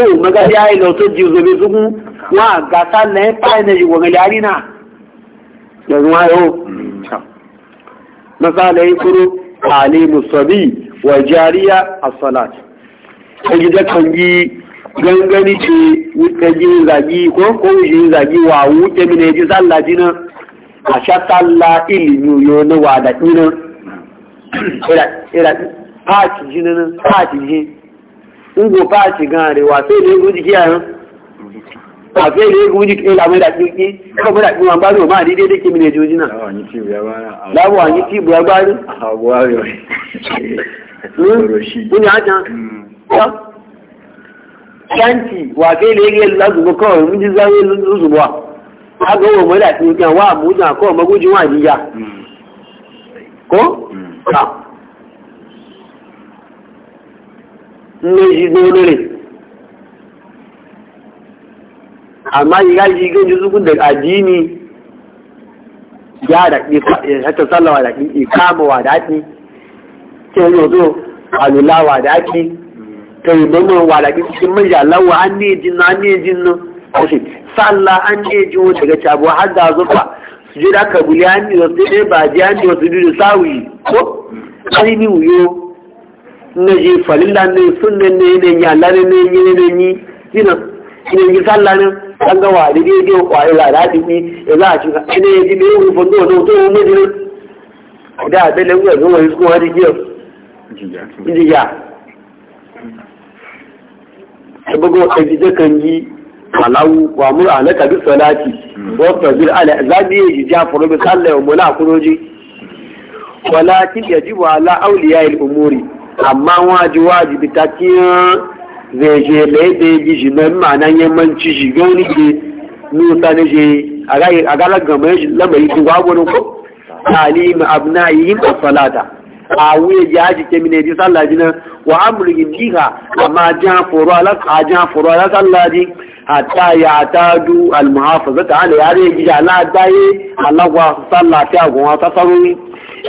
o mẹ́gà sí àìlọ tó di òṣèlú sókún wọn àgbà sálà ẹ̀ gangani ce wuta jin zagi ko ko jin zagi wa wuce mine ji sallah jina a sha ilimi yo na wada ina ira ira pati jina na pati ji ugo pati gare wa sai ne guji kiya yan a sai ne guji ke la mai da kiki ko mai da kuma ba zo ma ni dai dake mine jojina lawa ni tibu ya bara lawa ni tibu hmm? ya bara ha hmm. gwayo ni ajan kyanti wa ke ne yake lazubu kawai mun ji zai zuzubuwa a ga wa mai lafi kyan wa abuja kawai magujin wa jiya ko? ha ne shi dole ne amma yi ga shi ganji zukun da addini ya daɗi hata sallawa daɗi ikama wa daɗi ke yanzu alulawa daɗi kai mama wala ki cikin mai yalawa an ne jin na ne jin nan kashi salla an ne jin daga cabo har da zufa sujuda kabuli an ne wasu ne ba ji an ne wasu dudu sawi ko kai ni uyo na je falilla ne sunne ne ne yalla ne ne ne ni kina kina ji salla ne an ga wali ne ne kwai bugo ka ji jakan yi alawu wa mura alaka bi salati wa tazir ala zabi yi jafuru bi sallah wa mula kuroji walakin yajibu ala awliya al umuri amma waji wajibi ta kiyan zai je laibe bi shi nan ma'anan yammanci wa amrihim biha ma jan foro alak ajan foro alak Allah du hatta ya tadu al muhafazata ala yare gida ala daye Allah wa sallah ta gonwa ta saruri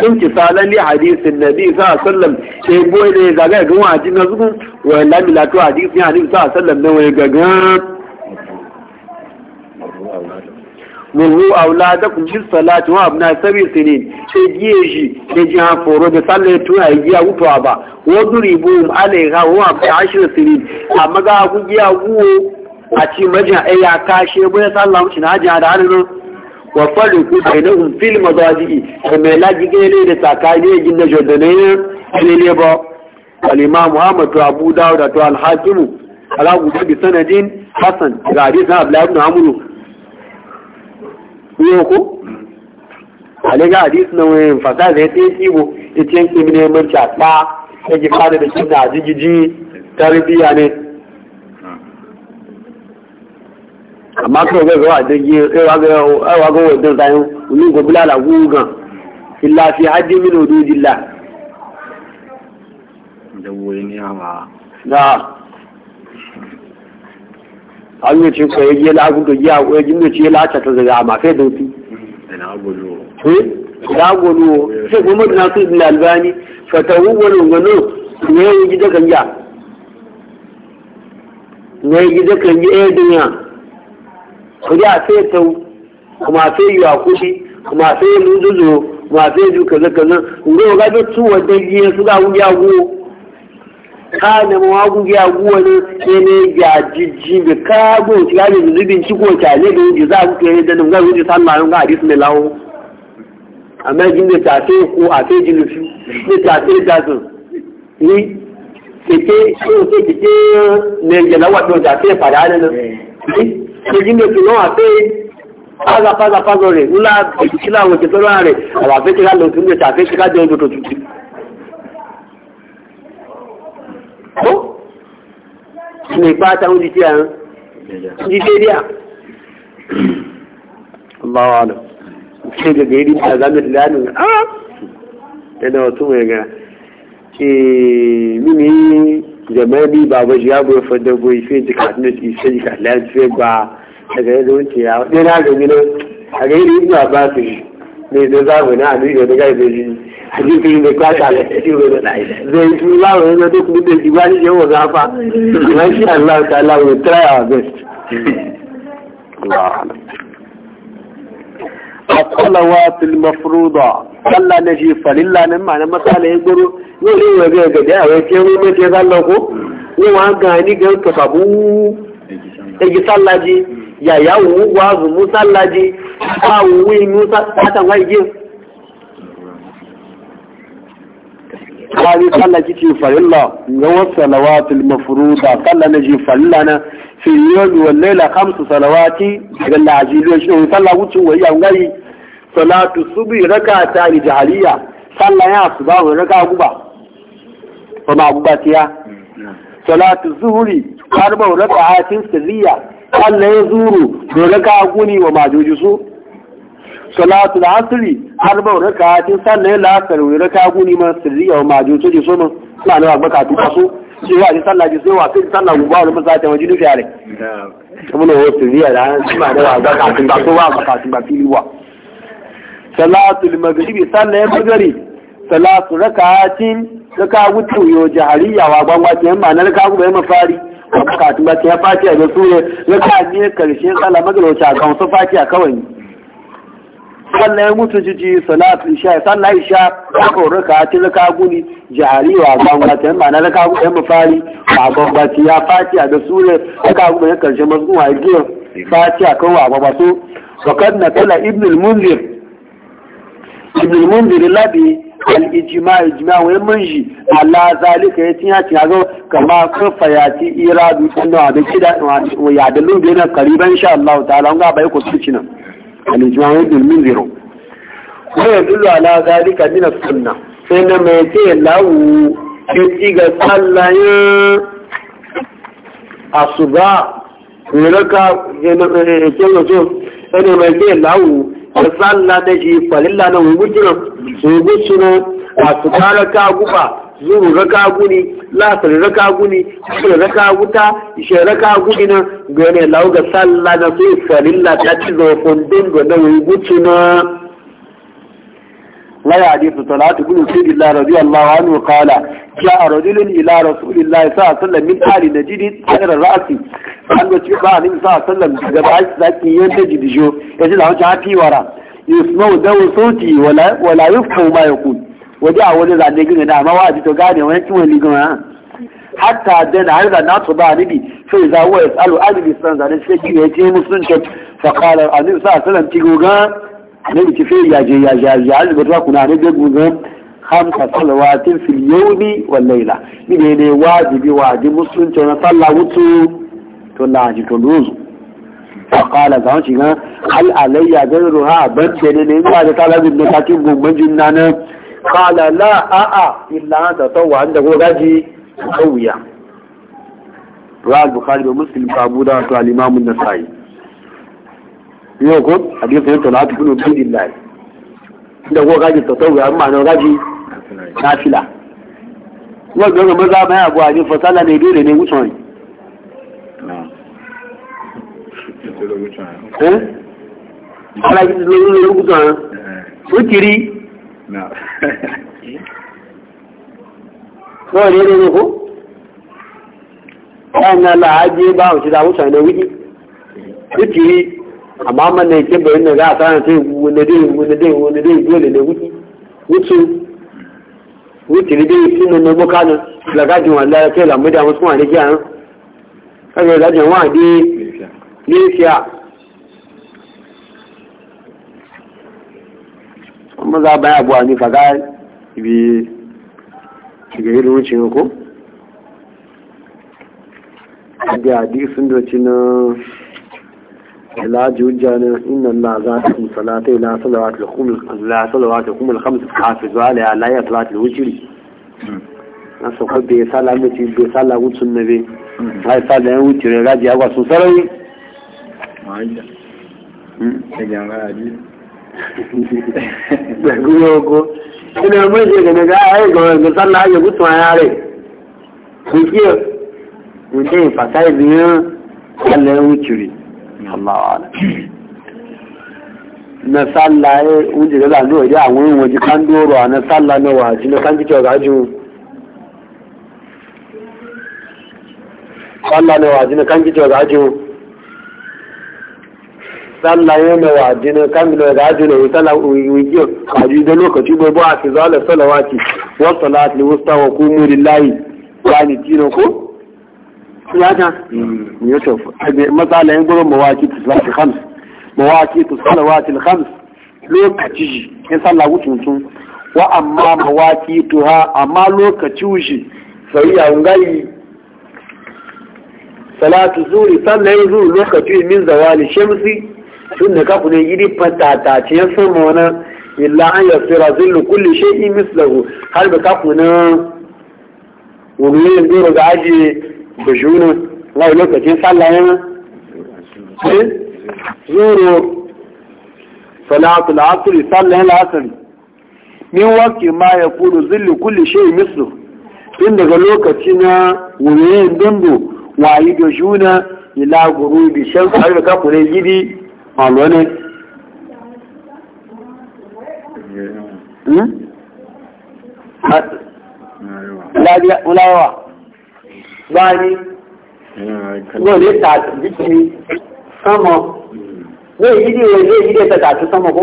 intisalan li hadisin na sallallahu sa sallam ke boye ne zaga gonwa jina zuku wa lamila to hadisin nabi sallallahu sa wasallam ne wai gagan minhu auladakum bis salati wa abna sabi sinin sai giye shi da jiha foro da sallah tun a giya gutuwa ba wa duribu alaiha wa abna ashir sinin amma ga ku giya guwo a ci majin ai ya kashe bai sallah mu na jiha da hannun wa fariqu bainahum fil madaji kuma la gele da sakani gin da jodane ne ne ba al imam muhammad abu dawud da al hakim ala gudu bi sanadin hasan ga hadith abdullah ibn amru yau ko ale ga hadis na wayan fasa da ya tsaye kiwo ya ce yanki mini yamman cakpa ya ji fada da shi da jigiji tarbiya ne amma kawai ga zuwa da yi aiwa ga e wajen zayin wani gobula da gugan illa fi haddi min hududillah an yi ce ko la ya ko ne ce la ta amma sai dauki ina gudu da gudu sai kuma su ibn albani ne da kan ya da kan ya eh, dunya ko ya sai tau kuma sai ya kushi kuma sai yi kuma sai duka zaka nan ngo ga da tuwa da yi su ga wuya go kana mawagun ya wani sai ne ya jijji da kago ci ga da zubin ci ko ta ne da yake za ku kai da nan ga wuce sallah ga hadisi mai lawo amma jin da ta sai ko a sai jin su ne ta sai da su ni keke ko sai keke ne ya lawa to da sai fara nan ne jin da su nawa sai paza paza paza re ula kila wo ke to ra re ala fe ti ga lo tun ne ta fe ti ga de do to tutu ko mai fata wuce ce yan jide diya Allah wa alam ce ga gairi ta da lanin a ah! yana wato mai ga ce mini jamani ba ba ya bai fadda bai fi jika na ci sai jika ba daga yadda wuce ya wadda na gami nan a gairi ina ba su shi ne da za mu na ni da ga da ji الصلوات المفروضة صلى نجي فلله نما أنا مسألة يقولوا يقولوا يقولوا يقولوا يقولوا يقولوا يقولوا يقولوا يقولوا يقولوا يقولوا يقولوا يقولوا يقولوا ya ya wu wa zu musallaji laji wu yi musa ta wai gin kari sallah kici farilla ga wasu salawatul mafruda sallah na ji farilla na fi yau wa laila khamsu salawati daga lajilo shi sallah wucin wa ya ngai salatu subhi rakata ni jahiliya sallah ya subahu raka guba kuma guba tiya hmm. salatu zuhri karba rak'atin sirriya Allah ya zuru da raka guni wa majoji su salatul asri arba raka tin sallah la wa raka guni ma sirriya wa majoji su mun suna da baka tuka su ce ya ji sallah ji wa sai sallah guba wani mun ne wasu da an da wa baka tun ba baka na raka mafari a bukatu ba fatiya da ya karshen magalauci a kan su fatiya kawai sannan ya mutu jiji salatu isha sallah isha aka raka ta raka guni jihari wa ta ma na raka guni yamma fari a gamba ti ya fatiya da su ne ka guni ya karshe masu kuma fatiya a ba su fakad na kala ibn al-munzir ibn labi al’ijima ijima wani manji Allah zalika ya tiya ci hazo kama kan fayati ira dutsen da wadda ke da yadallu da yana kariba insha Allah ta ala nga bai ku suci nan al’ijima wani dulmin zero wani ya dullu ala zalika dina sunna sai na mai ce lawu ya ci ga sallayen a su ba ya raka ya ce ga sai na mai ce lawu sallah da shi falilla nan wujuran sungu suna a su kara ka guba zuru raka guni lasar raka guni shi raka guta shi raka guni na gane lauga sallah na yi falilla ta ci zofin dingo da wujuran لا يحديث طلعة بن سيد الله رضي الله عنه قال جاء رجل إلى رسول الله صلى الله عليه وسلم من آل نجد حجر الرأس أن وتبع النبي صلى الله عليه وسلم جبعيس ساكي ينتجد جو يجل عنه شعاتي وراء يسمع دو صوتي ولا ولا يفهم ما يقول وجاء ولد عن نجد نعم وعد تقاني وينتوه لقمها حتى دين عرض الناس وضع نبي فإذا هو يسأل أهل الإسلام عن الشيء يتيه مسلم فقال النبي صلى الله عليه وسلم تقول annabi ki sai yaje ya ja ya alba ta kuna ne da gugu khamsa salawatin fil yawmi wal layla ne ne wajibi wajibi musulunci na sallah wutu to laji to luzu فقال زوجي هل علي غيرها بدل لي ما قال ابن كاتب من جنان قال لا اا الا انت تو عند غاجي قويا رواه البخاري ومسلم وابو داود والامام النسائي yau ko hadisin talatu bin abdullahi da ko gaji ta tauga amma na gaji nafila wọ́n gbọ́dọ̀ mọ́sá báyà bọ́ àjọ fọ́sálà ní ìbéèrè ní wùsàn yìí. ara yìí ló ń lo wùsàn án ó ti rí. wọ́n rí rí nìkú. báyìí náà làá jẹ́ bá òṣìṣẹ́ àwùsàn ní wíjì ó ti rí amma man ne ke bayin da za a tsara sai wani dai wani dai wani dai dole ne wuce wuce wuce ne dai tun nan muka nan la gajin wallahi kai la mu da musu wani giya kaga la gajin wa dai lefiya amma za ba ya buwa ni faga bi shiga irin wuce ko a da hadisin da ci na علاج وجانا إن الله ذاتكم صلاة إلى صلوات لكم إلى صلواتكم الخمس حافظوا عليها لا يطلعت الوجري nasu ko bai sala mace bai sala wutsun na bai ai sala yan wuce rai raji agwa sun sarari da guyo ko ina mai ce ga daga ai ga ga sala ya gutu a yare ku kiyo mun ce fa sai biyan sala yan wuce rai Allahu ala na sallah ya wunje da zanu waje a wurin waje kan doro a na sallah na waje na kan kike gaju sallah na waje na kan kike gaju sallah ya na waje na kan kike gaju ne sallah wuje gaju da lokaci bai ba a fi zala salawati wa salati wusta wa qumu سيادة يوسف مثلا يقولون مواكب الصلاة الخمس مواكب الصلوات الخمس lokaci ya sallah wucin wa amma mawaki tuha amma lokaci wuce sai ya ngai salatu zuri sallah zuri lokaci min zawali shamsi tun da kafu ne iri fatata ce sama wani illa an ya sira zillu kulli shay'in mislahu har da kafu na wani yin dora ga ajiye خشونة لا يلوك أجين صلى يا ما زورو صلاة العصر يصلى هلا أسن من وقت ما يقول ظل كل شيء مثله إن غلوك أجين ويين دنبو وعيد وشونة إلا غروب الشمس هل كفر يجيدي معلوني إيه؟ لا لا لا wáyé yóò lè ta àtúntì sánmọ ní ìdílé rẹ ní ìdílé tẹta àti sánmọ kó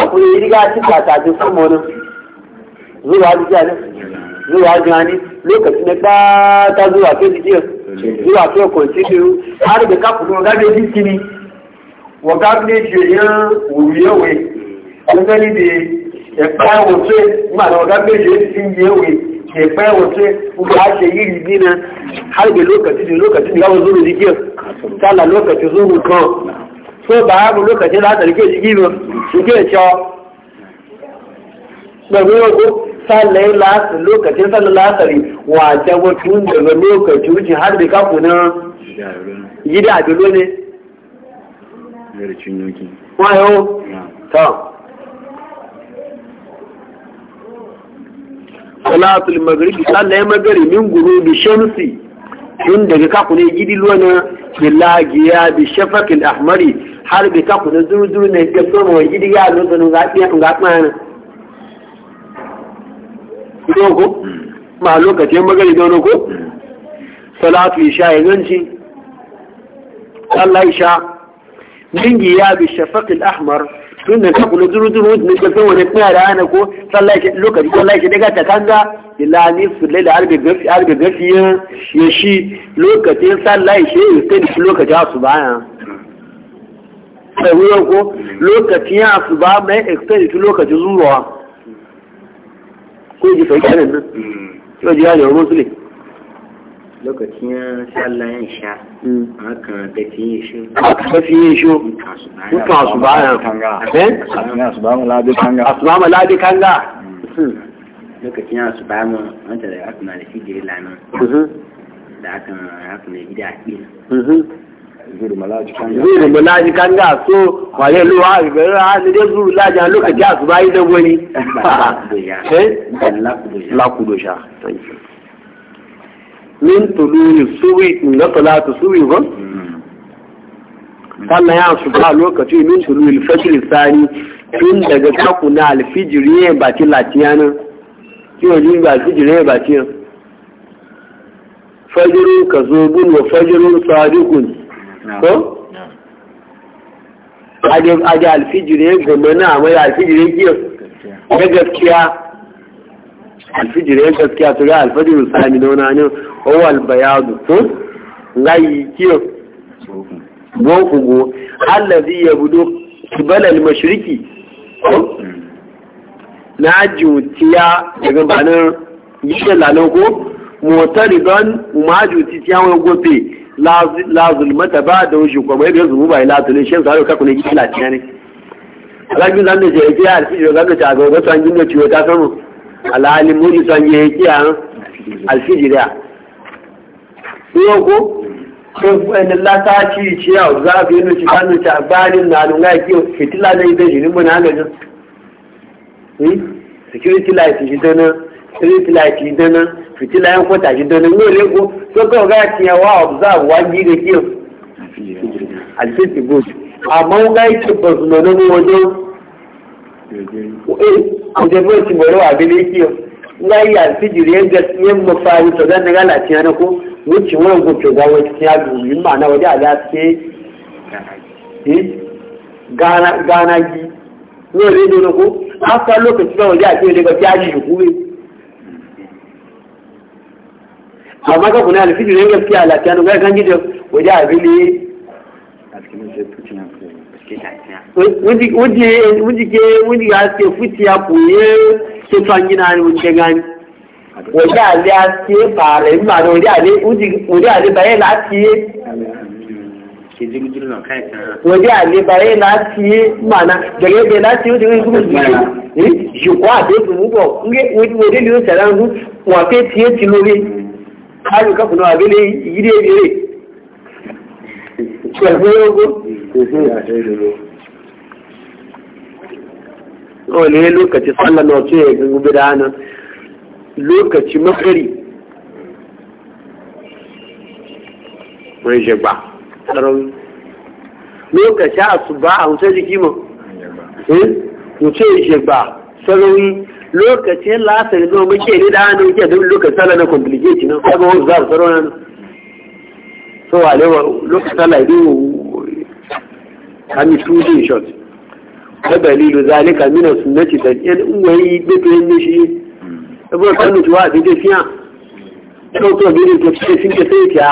àkùnrin ìdílé àti tàtà àti sánmọ náà lórí àdúgbò àná lórí àjọ àní lókàtí ní pátá lórí àfẹ́ ìdílé lórí àfẹ́ ọkọ̀ ìtìlẹ̀ o àrùbẹ̀ kápùtù wọn gábé bí kíni wọn gábé ju èèyàn òwúyẹ̀wé ọ̀gbẹ́ni di ẹ̀pá ẹ̀wọ̀n tó ẹ̀ nígbà tí wọn gábé ju èèyàn ke kwaya wace kuma ake yi rigi na har da lokaci da lokaci da yawon zuru jikin tsala lokaci zuru kan so ba haɗu lokaci da haka rike jiki ba rike cewa ɗabi wasu tsallaye lasa lokacin tsalla lasari wace wasu daga lokaci wuce har da kaku na gida a bilo ne. Wayo, ta. salatul maghribi sallai maghribi min gurubi shamsi in daga kaku ne gidi luwana bilagiya bi shafakil ahmari har bi kaku da zurzuru ne ke so wa gidi ya lota nun gaɗi ya ga tsana ko ko ma lokacin magari da wani ko salatu isha ya zanci sallah isha dingi ya bi shafakil ahmar tun da ta kula duru duru ne ke san wani tsaya da ana ko sallaki lokaci sallaki daga ta kanga ila ni sulle da albe gafi albe gafi ya shi lokacin sallai shi ya tsaya da lokacin ya sai wuyan ko lokacin asuba mai extend to lokacin zuwa ko ji fa kenan nan mm. ko ji ya ne musulmi lokacin ya sallah ya sha mm-hmm. haka tafiye shi tafiye shi muka su baya kanga asubama labi kanga lokacin ya asubama wanda da aka na shi jiri lamin da aka haka na gida a zuru malaji kanga so kwaye luwa ibere a ni dai zuru laji a lokacin asuba yi da wani lakudo sha <laughs> eh? min tuluni suwi ga talatu suwi ba sannan ya su ba lokaci min tuluni fajr sani tun daga kaku na alfijiri ne ba ci latiyanin kiwo jin ba alfijiri ne ba ci fajiru ka zobun wa fajirun sadiqun ko aje alfijiri ne gama na mai alfijiri ne kiyo ga gaskiya alfijir ya gaskiya to ga alfajir sami da wani ne owal bayadu to ngayi kiyo go kugo allazi yabudu qibala al-mashriqi na jutiya daga banan yishe lalan ko motariban maju titiya wani gobe la zulmata ba da wuce kuma yadda zumu ba ila tulin shan zaro kakuna gidi latiya ne alhaji zan da jere ke alfijir zan da ta ga wata an gina ciwo ta samu alhali muni son ya yi kiyan alfijiriya yau ko ɗin lata ci ciya za a fi nuci ba nuci a bayanin na nuna ya kiyo fitila na ita shi nimbin hannun hmm? security light shi dana street light shi dana fitila yan kwata shi dana ne ne ko so kawai ga ciya wa observe wa ji da kiyo alfijiriya amma ga yake ba su nuna wajen kujebuwar cimaro a gane kiyo layi a tijiri yadda yin mafari to zan daga lati yana ko wuce wurin gobe ga wata ya dubi ma'ana wajen a zafi gana gi ne zai nuna ko an sa lokaci ba wajen a ce daga fiyaji shi kuwe amma ga kuna alfijiri yadda fiye a lati yana ga kan gidan wajen a bile a cikin shi tuci na fiye wujike aske fuci ya koye ke tsan gina ne wuce gani wòdí àlè aske fààrẹ nígbà náà wòdí àlè wòdí àlè bàyẹ láti lati wòdí àlè bàyẹ láti yé ti ogun wani lokaci sallar na wace ya gungu da nan lokaci makari mai jagba tsarauni lokaci a su ba a wuce jiki ma eh? wuce jagba tsarauni lokacin lasari zuwa muke ne da hannun ke duk lokacin sallar na complicate nan sabon wasu za su tsarauni nan so a lewa lokacin sallar ido kami two day shot ودليل ذلك من السنة تجئن وهي بطن نشي أبو كانوا تواسي تسيا شو تو بين التفسير سنة سيتيا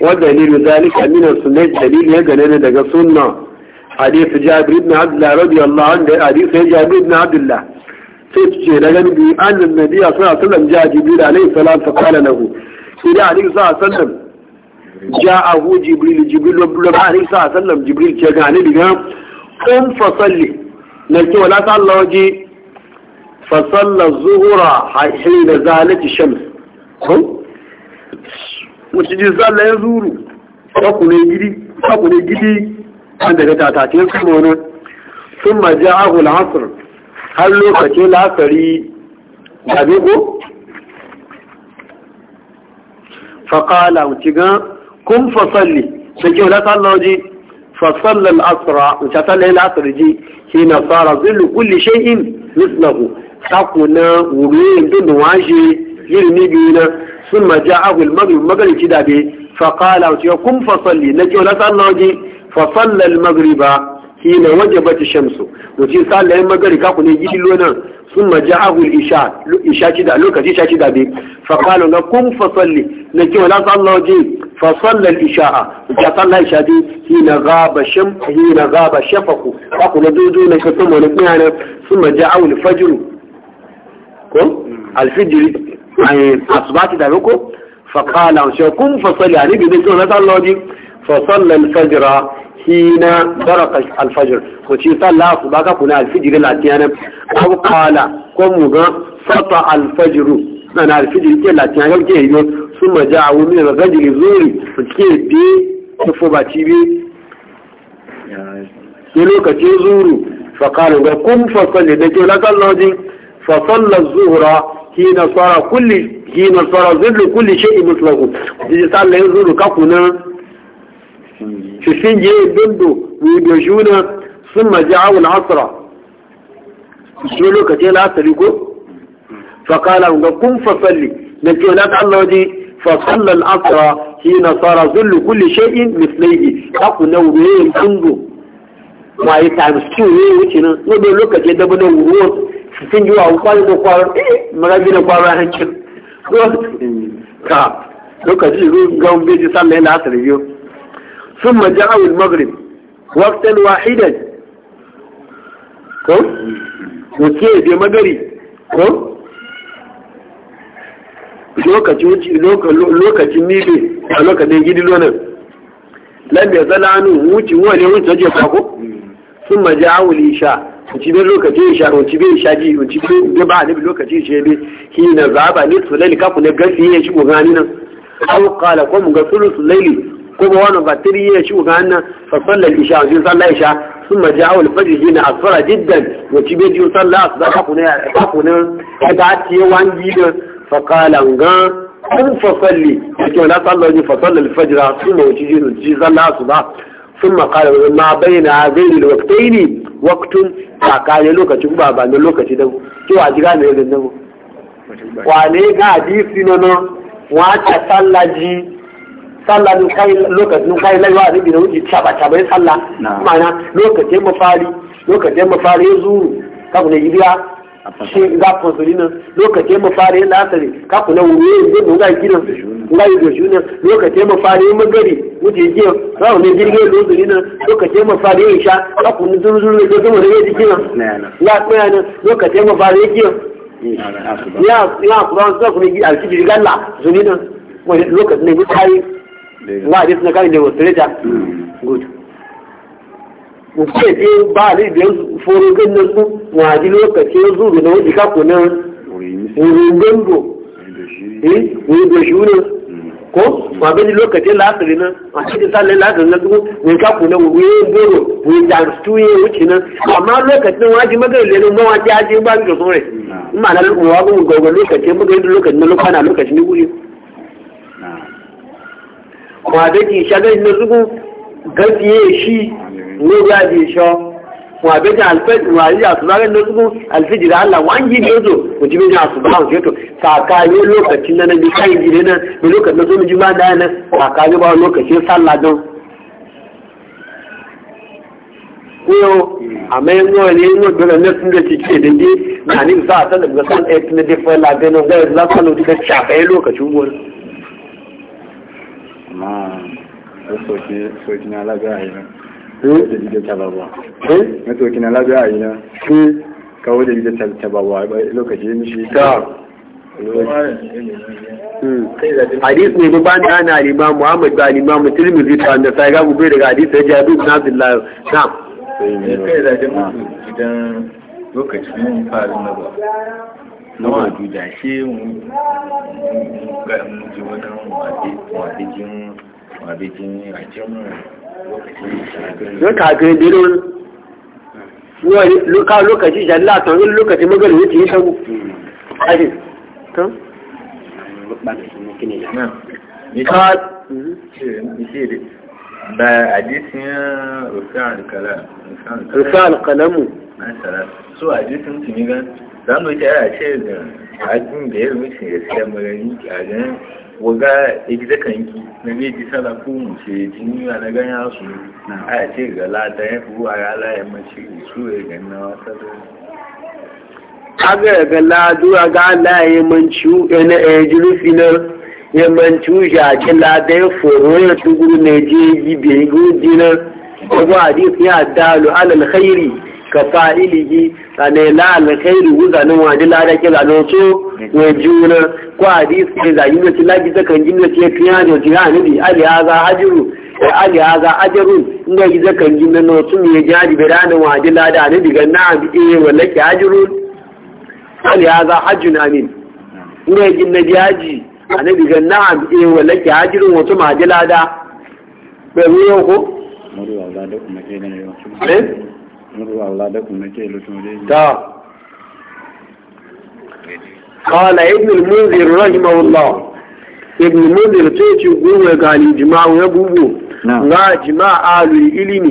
ودليل ذلك من السنة دليل يقلنا دقى سنة حديث جابر بن عبد الله رضي الله عنه حديث جابر بن عبد الله فتشي لغنبي أن النبي صلى الله عليه وسلم جاء جبريل عليه السلام فقال له إذا عليه الصلاة والسلام جاءه جبريل جبريل لبا عليه الصلاة والسلام جبريل عليه لها قم فصلي نلت ولا تعالى وجي فصلى الظهر حين زالت الشمس قم وشجي زال لا يزور فقل يجري فقل يجري عندك تعتاتي يسمونه ثم جاءه العصر هل لو فتي العصري يبيقه فقال وتقام كن فصلي سكيه لا تالله جي فصل الأسرع وشتله الأسرع جي حين صار ظل كل شيء مثله حقنا ولين دون واجي يرنبينا ثم جاءه المغرب المغرب كدابي فقال وشيه كن فصلي نكيه لا تالله جي فصل المغرب حين وجبت الشمس وشيه صار لهم مغرب كاكو نجيش لنا ثم جاءه الإشاء الإشاء كدابي فقال لكم فصلي نكيه لا تالله جي فصلى الإشاء فصلى الإشاء دي هنا غاب شم هنا غاب شفقه أقول دوزو نشتم ونكمعنا ثم جاءوا الفجر كم الفجر أصبعت دعوكم فقال أنشاكم فصلى يعني بذلتون هذا الله دي فصلى الفجر هنا برق الفجر وشي الله أصبعك كنا الفجر الأتيانا أو قال كم فطأ الفجر أنا الفجر الأتيانا يقول ثم جاء من الغجل الزوري فكيف بي تفوبا تيبي يلوك تيزورو فقال كم فصل دكيو لك الله دي فصل الزهرة حين صار كل حين صار ظل كل شيء مثله دي صار صلى زور كفنا شفين جي بندو ويبيجونا ثم جاءوا العصر شلو كتير العصر فقال لهم فصل فصلي لك الله دي فصلى العصر حين صار ظل كل شيء مثليه أكو نوري الجنب ما يتعب سوره وشنا نبي لك جدا بنا ورود سنجي وقال نقار إيه مرابي نقار هنشل كاب لك جيرو قوم بيجي صلى العصر يوم ثم جاء المغرب وقتا واحدا ko ko ke bi magari lokacin nibe a lokacin gidi lonan lambe tsananu wuce wani wuce je kwako sun maji awuli sha wuce bai lokacin sha wuce bai sha ji wuce bai ba a nabi lokacin shi bai shi na zaba ne su lalika ku na gasi ya shi gani nan abu kala ko mu ga sulu su laili ko ba wani ba tiri ya shi gani nan fasallar isha wajen sallar isha sun maji awuli fajir shi na asfara jiddan wuce bai ji sallar asfara kakunan ya ta ce wangi da fakala nga kun fasalli da kyau wani asalla ji fasalla alfajira sun ma wuce jinu ji zalla su ba sun makara wani ma bayyana zai da waktai ne waktun tsakani lokaci ba ba na lokaci don wa jira mai yadda nan ne ga hadisi na nan wata sallar ji sallah nun kai lokacin kai laiwa ne da wuce caba caba ya salla. ma'ana lokacin mafari lokacin mafari ya zuru kafin ya gidiya shi ga fasoli nan lokacin mu fara yin lasari ka kula wuri yin zai mu ga gidan ga yi goshi nan lokacin mu fara yin magari wuce jiya rawa ne jirgin lozuri nan lokacin mu fara yin sha ka kula zuruzuru da zama da yaji nan ya tsaya nan lokacin mu fara yin jiya ya ya kuma sai kuma gi alkiji galla zuri nan lokacin ne ya kai ba dai na kai da wasu rita good nke ce ba ni da foro ganin su waji lokaci ya zuru na wajen kaku na wurin gando eh wurin da shi ne ko ma gani lokacin lasiri nan a cikin sallai lasiri na zuwa wurin kaku na wurin goro wurin da su yi wuce nan amma lokacin waji magana lenin mawaji aji ba ni da sore in ma na wa ga gawa lokacin magana lokacin na lokana lokacin ne wuri ma da ki shagali na zuwa gaziye shi ne ya bi sha wa be da alfajir wa ya su ne su alfajir Allah wa an ne zo ku ji bin su ba su to ka ne lokacin nan ne kai gire nan ne lokacin nan mu ji ba da nan ka ne ba lokacin sallah don ko amma yin wa ne yin wa ne sun da cike da ne na ni sa ta eh, da ga san ɗaya ne dafa labe na ga za ka lo da shafa lokacin gona Mwen so ki nan lagwe a yi nan Mwen so ki nan lagwe a yi nan Ka wote li de chalit chalit chalit chalit waw E bwa loke diye mi si Sa A dis mi mwen ban nan a li ban Mwen ban mwen ban mwen ti li mwen zi Pan de sa yi ga wu bede ga di se Jabi mwen avid la yon Sa E fe la se mwen Jidan Loke ti vi yon Nwa Nwa Jidan se Mwen Mwen Mwen Mwen Mwen Mwen Mwen Mwen Mwen Mwen Mwen Mwen Mwen Zuka gari birnin luka lokaci jalla to yin lokaci magana yake yi shagu. Ajin. Kan? Ka. Ba hadisin rufe alkalamu. So hadisin tuni gan, za mu yi tare a ce da hadisin da ya rufe ya siya magani a gan waga ibi da kanki na meji sana kumu ce jini a na ganyan su a ya ce ga lata ya fi a yala ya mace su ya gani na wata da aga ga ladu a ga ala ya manci yana a jirufi na ya manci shi a ce lada ya foro ya tuguru na je yi bai gudu na ya bu hadisi ya dalu alal khairi ka fa'ilihi sane la alkhairi wuza nan waje la da ke la no so we juna ko hadis ke zayi yin ci la zakan kan gina ce fiya da jiha ne bi ali haza ajru wa ali haza ajru inda gida zakan gina no so me jaji be ranan waje la da ne diga na bi e eh, wala ki ajru ali haza hajjun amin inda gina jaji ana diga na bi e eh, wala ki ajru wato ma jila da be ko Mori wa ba da kuma ke da eh? قال ابن المنذر رحمه الله ابن المنذر تيجي قوة قال جماعة يبوبو لا جماعة العلم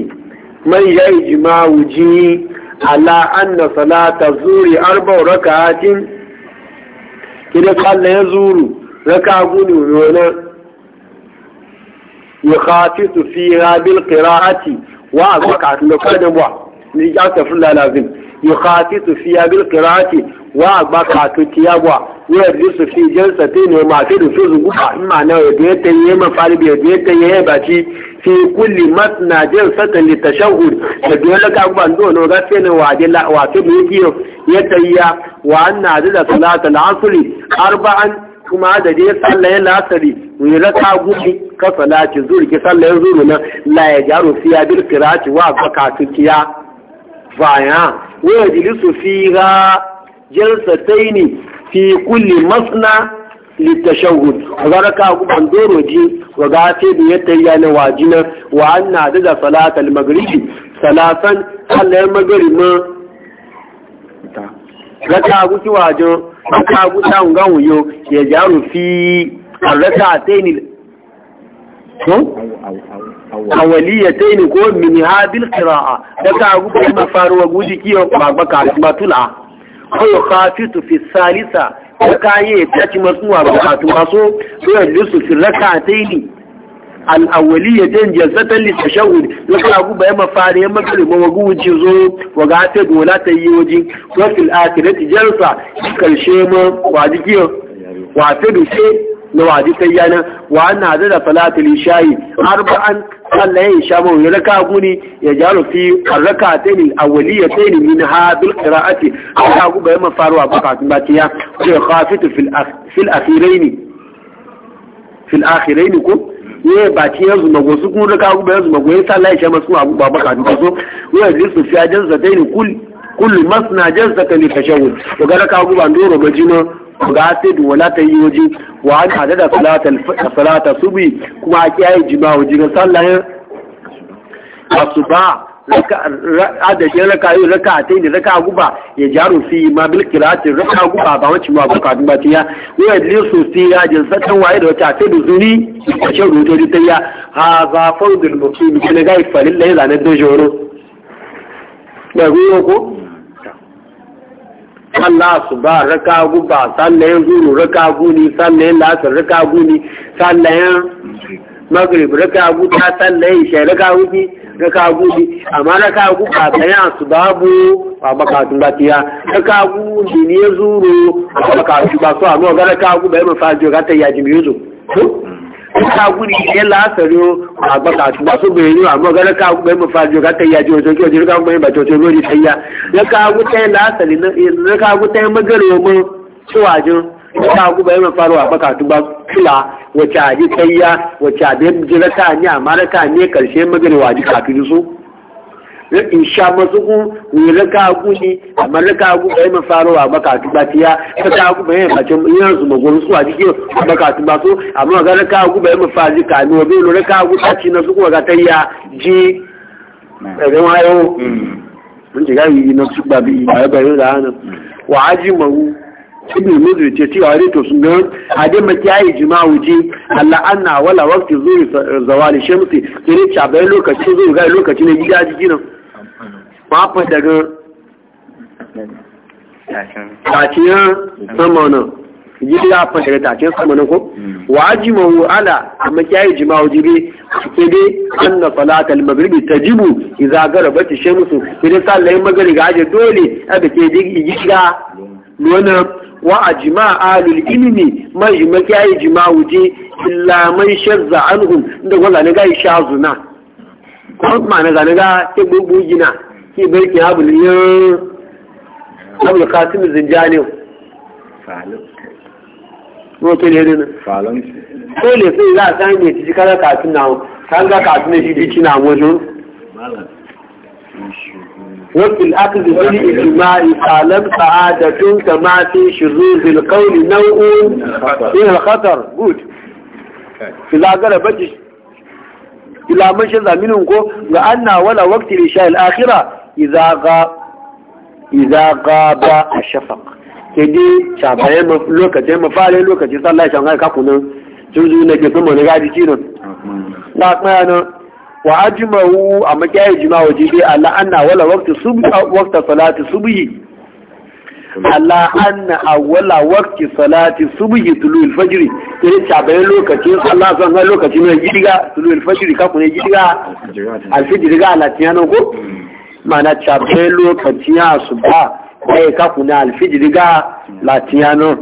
من يأي جماعة وجيه على أن صلاة الزور أربع ركعات كده قال يزور ركع قولي ويونا يخاطط فيها بالقراءة وأبقى لقدم وعب نجاك فلا لازم يخاطط فيها بالقراءة وأبقى كتيابا ويجلس في جلسة وما تدو في الزبوحة إما أنه يديت يهيما فالب يديت يهيبا في كل مثنى جلسة للتشغل يقول لك أبو أندون وغسين وعدل وعدل وعدل يتيا وأن عدد صلاة العصر أربعا كما عدد يصلى العصر ويلتا أبوه كصلاة الزور كصلاة الزور لا يجعل فيها بالقراءة وأبقى كتيابا faya wa yajlisu fiha jalsataini fi kulli masna litashahhud azaraka ku bandoro ji wa ga ce da ya tayya na wajina wa anna da salatal maghribi salatan Allah maghribi ta raka ku ci wajo ka ku ta ga wuyo ya jaru fi arraka ataini ko awaliyatayn ko min hadil qira'a daga gubu ma faruwa guji kiyo ba ba ka ba tula ko khafitu fi salisa daga ye ta masuwa ba ka tuma so ya lusu fi rak'atayn al awaliyatayn jazatan li tashawud daga gubu ma faruwa ma kare ma guji zo wa ga ta dola ta yi waji ko fil akhirati jalsa karshe ma waji kiyo wa ta dushe na waji tayyana wa anna da salatul isha'i arba'an sallah ya isha mawu raka guni ya jaru fi raka ta ne a waliya ta ne min ha bil qira'ati ta ku bayan faruwa ba kafin ba ta ya ce khafitu fil akhiraini fil akhiraini ko ne ba ci yanzu mago su kun raka ku bayan mago ya sallah ya masu abu ba kafin ba so wa yajlisu fi ajan zataini kull kullu masna jazzatan li tashawwud to ga raka ku ba ndoro ba jima fasid wala ta yi waje wa an hada da salata subi kuma a kiyaye jima'u jirgin sallahin wasu ba adadin raka yi raka ta yi raka guba ya jaru fi ma bil kirati raka guba ba wacce ma buka duba ta ya wuya da lesu ta yi ajin sakan waye da wata ta duzuri a cikin rotori ta ya ha za fa mafi mutum da gina gaifalin da ya zane don da ruwa ko sallah ba raka guba sallayen zuru raka guni sallayen lasar raka guni sallayen magrib raka guta sallayen isha raka guni raka guni amma raka guba sayan su babu a bakatun batiya raka guni ne zuru a bakatun ba su amma ga raka guba ya mafaji ga ta yaji yuzu káàkiri ìṣẹ́ láàfẹ̀rí àgbàkà àtúgbàsógbè inú àmọ́ gẹ́gẹ́ káàkiri mọ̀ fàájú káàkiri ìyájú ọjọ́ kí ọjọ́ káàkiri ìbàjọ́ tó lórí ìṣẹ́yà lẹ́kàákútẹ́ láàfẹ̀rí lẹ́kàákútẹ́ mọ́gẹ́rẹ̀ ọmọ síwájú káàkiri mọ̀ fàájú àgbàkà àtúgbàsógbè wacce a ji kayya wacce a bai jiraka ne a maraka ne karshe magana wa ji kafin su isha mazugu ni raka agu ni amma raka agu bai ma faruwa makatu ba tiya raka agu bai ma ce yan su magwaro su a jikin makatu ba su amma ga raka agu bai ma fazi ka ni wabe lo raka agu ta ci na su kuma ga ta ya ji ɗaga hmm. ma yau hmm. mun ji gari na su ba bi ba ba yau da hana hmm. wa aji mawu ibn mudri ce cewa ne to sun ga ade makiyayi jima'u ji Allah anna wala waqti zuri zawali shamsi kire cha bai lokacin zuri ga lokacin ne gida jikin nan pàápàá tẹ̀gán tàtíyàn sánmọ̀nà yìí yá pàṣẹ tàtíyàn sánmọ̀nà kó wà á jìmọ̀ wò ala àmọ́ kí á yìí jìmọ̀ òjìrí kéde an na salatar magribi ta jibu izagara ba ta shamsu kéde sallai magari ga aje dole a da ke nuna wa a jima alul ilimi mai yi maki ya yi jima wuce shazza anhum da wala na ga yi sha zuna ko ma na ga na ga ta gbogbo gina ki bai ki abu yin abu kasim zinjani mo to le falon ko le sai za san ne ji kala kasim na kan ga kasim shi di na mu zo وفي الأخذ بالإجماع قالت سعادة كما في شذوذ القول نوع من الخطر good إذا غلبت إلى من شذا منهم ga anna wala waqti lisha al akira iza ba a shafa. ke di shafaye lokacin mafare lokacin tsallai shanghai ka kunan juju na ke sun na gaji cinan na tsaya na wa ajimahu a makiyayi jima'a jibi Allah anna wala waqti subhi wakta salati subi Allah anna wala waqti salati subhi tulul Ke kire shafaye lokacin tsallai shanghai lokacin ne gidiga tulu ilfajiri ka gidiga alfijir ga Allah ko mana cafe lokacin a kai e ka kuna alfijiri ga latiyano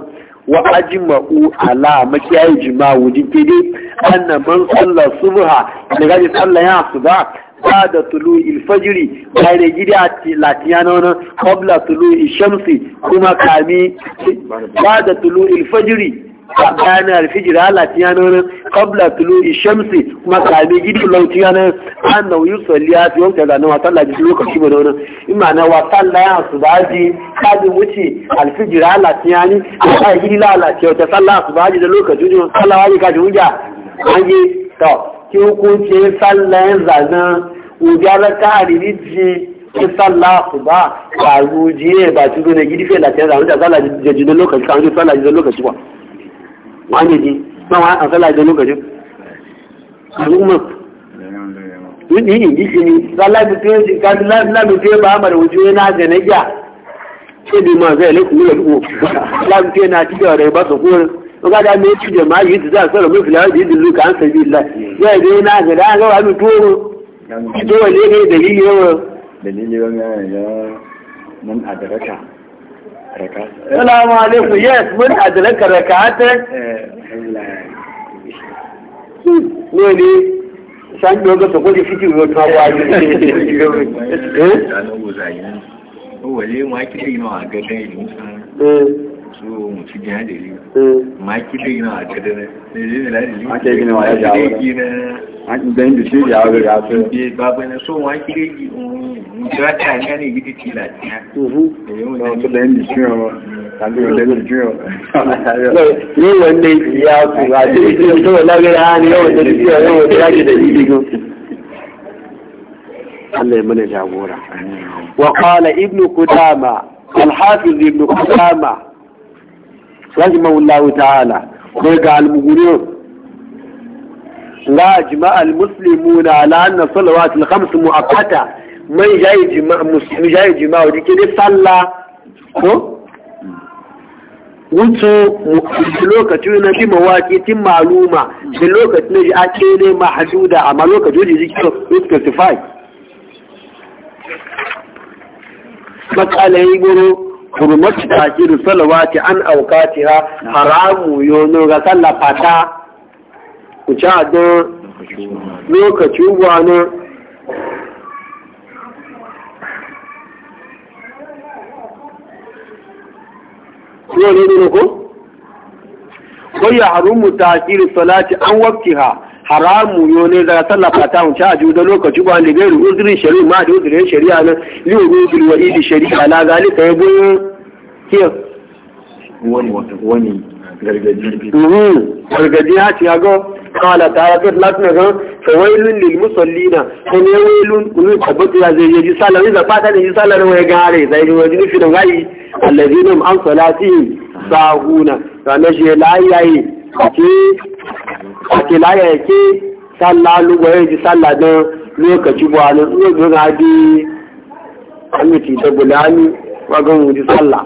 wa u ala makiyayi jima'u dikide anna man salla subha da gaji sallan da ba'da ilfajiri fajri bayan gidi a latiyano na qabla tulu shamsi kuma kami ba'da tulu ilfajiri. bayan alfijir halatti ya nan kabla tulu ishamsi kuma kame gidi lauti ya nan an na wuyi tsali ya fi wanka zanen wasan laji lokaci ba wani ima na wasan layan su ba ji kadin wuce alfijir halatti ya ni a kai gidi lalace wata sallah su ba ji da lokaci ne sallah wani kajin hujja an yi to ki hukunce sallayan zanen wujarar ta hariri ji sallah su ba karu jiye ba ci zo na gidi fiye lafiya zanen da sallah jajjinin lokaci kan sallah jajjinin lokaci ba wani ji ma wa an da lokacin al'umma ni yi yi shi ne sallah da ba amara wuce yana ga na iya ce bi ma zai lafi ne ko sallah na cikin da ba su ko ka da me ci jama'a yi da za su rabu filawa da yi da an sabi Allah zai ga yana ga da ga wani toro toro ne ne dalili yawa dalili yawa ya man adaraka salamu alaikum yes mun adalaka raka'atan eh, ne ne san dogo to ko fiti wo to wa ni eh sanu zayin o wale wa kidi no aga dai ni eh so mu ci ga da ni ma kidi no aga dai ne ne la ni ma kidi no aga dai ni an dan da shi ya ga ga so ba ba ne so wa kidi ìrẹ́kà ní ẹni ìgbìtì ti là ní àtúrú ọ̀tọ́lẹ̀ ní ìṣúyàn tàbí ọ̀lẹ́gbẹ̀ ìṣúyàn yóò wọ́n lé ìyá ọkùn àti ìṣúyàn tó wọ́n lágbẹ́ra ní ọ̀wọ̀n tó ti sí ọ̀rẹ́ wọn tó láti dẹ̀ yìí gan Allah ya mana jagora wa qala ibnu qudama al-hafiz ibnu qudama rahimahullahu ta'ala ko ga al-mughniyo la ajma al-muslimuna ala anna salawat al-khams mu'akkata man jayi jima musulmi yi jima'a wajen kiri sallah ko wuto lokacin na bi mawaƙi tun maluma da lokacin na ji a kere ma hasuda amma lokacin da jiki iska sifai matsala yi goro hurmatu ta kiri salawati an aukati ha haramu yono ga sallah fata ku ci a don lokacin wani ko ne ne ko ko ya harumu ta'khir salati an waqtiha haramu yo ne daga sallafa ta mun ta da lokaci ba ne gairu uzrin shari'a ma da uzrin shari'a nan li uzrin wa idi shari'a la zalika yabo kiyo wani wani gargadi ya ci hago kala ta ya fi latin ga fawailun lil musallina ko ne wailun kunu tabbatu ya zai yaji sallah ne zaba da yi sallah wai gare zai yi wajen nufi da gari allazina an salati sahuna ranar shi layaye ake ake layaye ke sallah lugwaye yaji sallah don lokaci ba na tsoron hadi an yi ta bulani wagon wuji sallah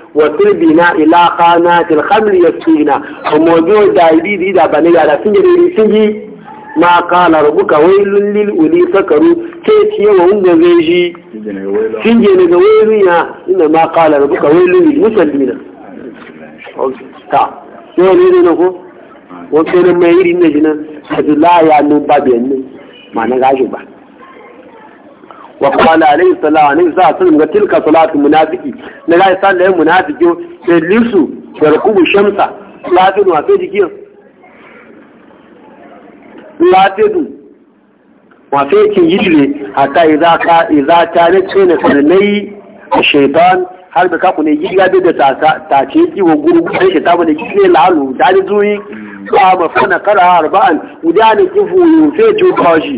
wasirbina ila kana tilhamli ya tuina a mojo da bi di da bane da sun yi riri sun yi ma kala rubuka wai lullil uli sakaru ke tiye wa hundun zai shi sun yi ne ga wai ruya ma kala rubuka wai lullil musallina ta yau ne ne na ko wasu ne mai iri ne jinan a zula ya nun babu yannin ma na gashi ba wa qala alayhi salatu alayhi salatu ga tilka salatu munafiki na ga san da munafiki sai lisu da rukubu shamsa latin wasu sai jikin latin hatta idza ka idza ta ne tsene sanai shaytan har da kaku ne giga da ta ta ce kiwo gurgu sai shaytan ne lalu kara arba'an udani kifu yufe Shi.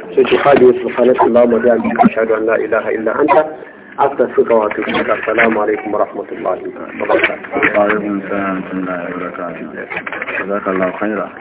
سبحانه سبحانك اللهم وبحمدك أشهد أن لا إله إلا أنت أستغفرك وأتوب إليك السلام عليكم ورحمة الله وبركاته. وعليكم السلام ورحمة الله وبركاته. جزاك الله خيرا.